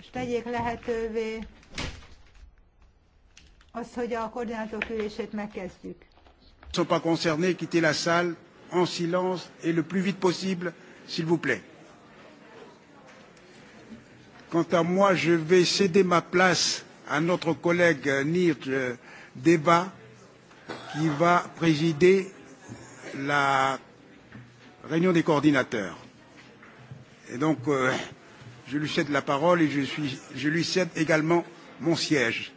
és tegyék lehetővé azt, hogy a koordinátorok ülését megkezdjük. Sont pas concernés, quittez la salle en silence et le plus vite possible, s'il vous plaît. Quant à moi, je vais céder ma place à notre collègue Nirj euh, Deva, qui va présider la réunion des coordinateurs. Et donc, euh, je lui cède la parole et je, suis, je lui cède également mon siège.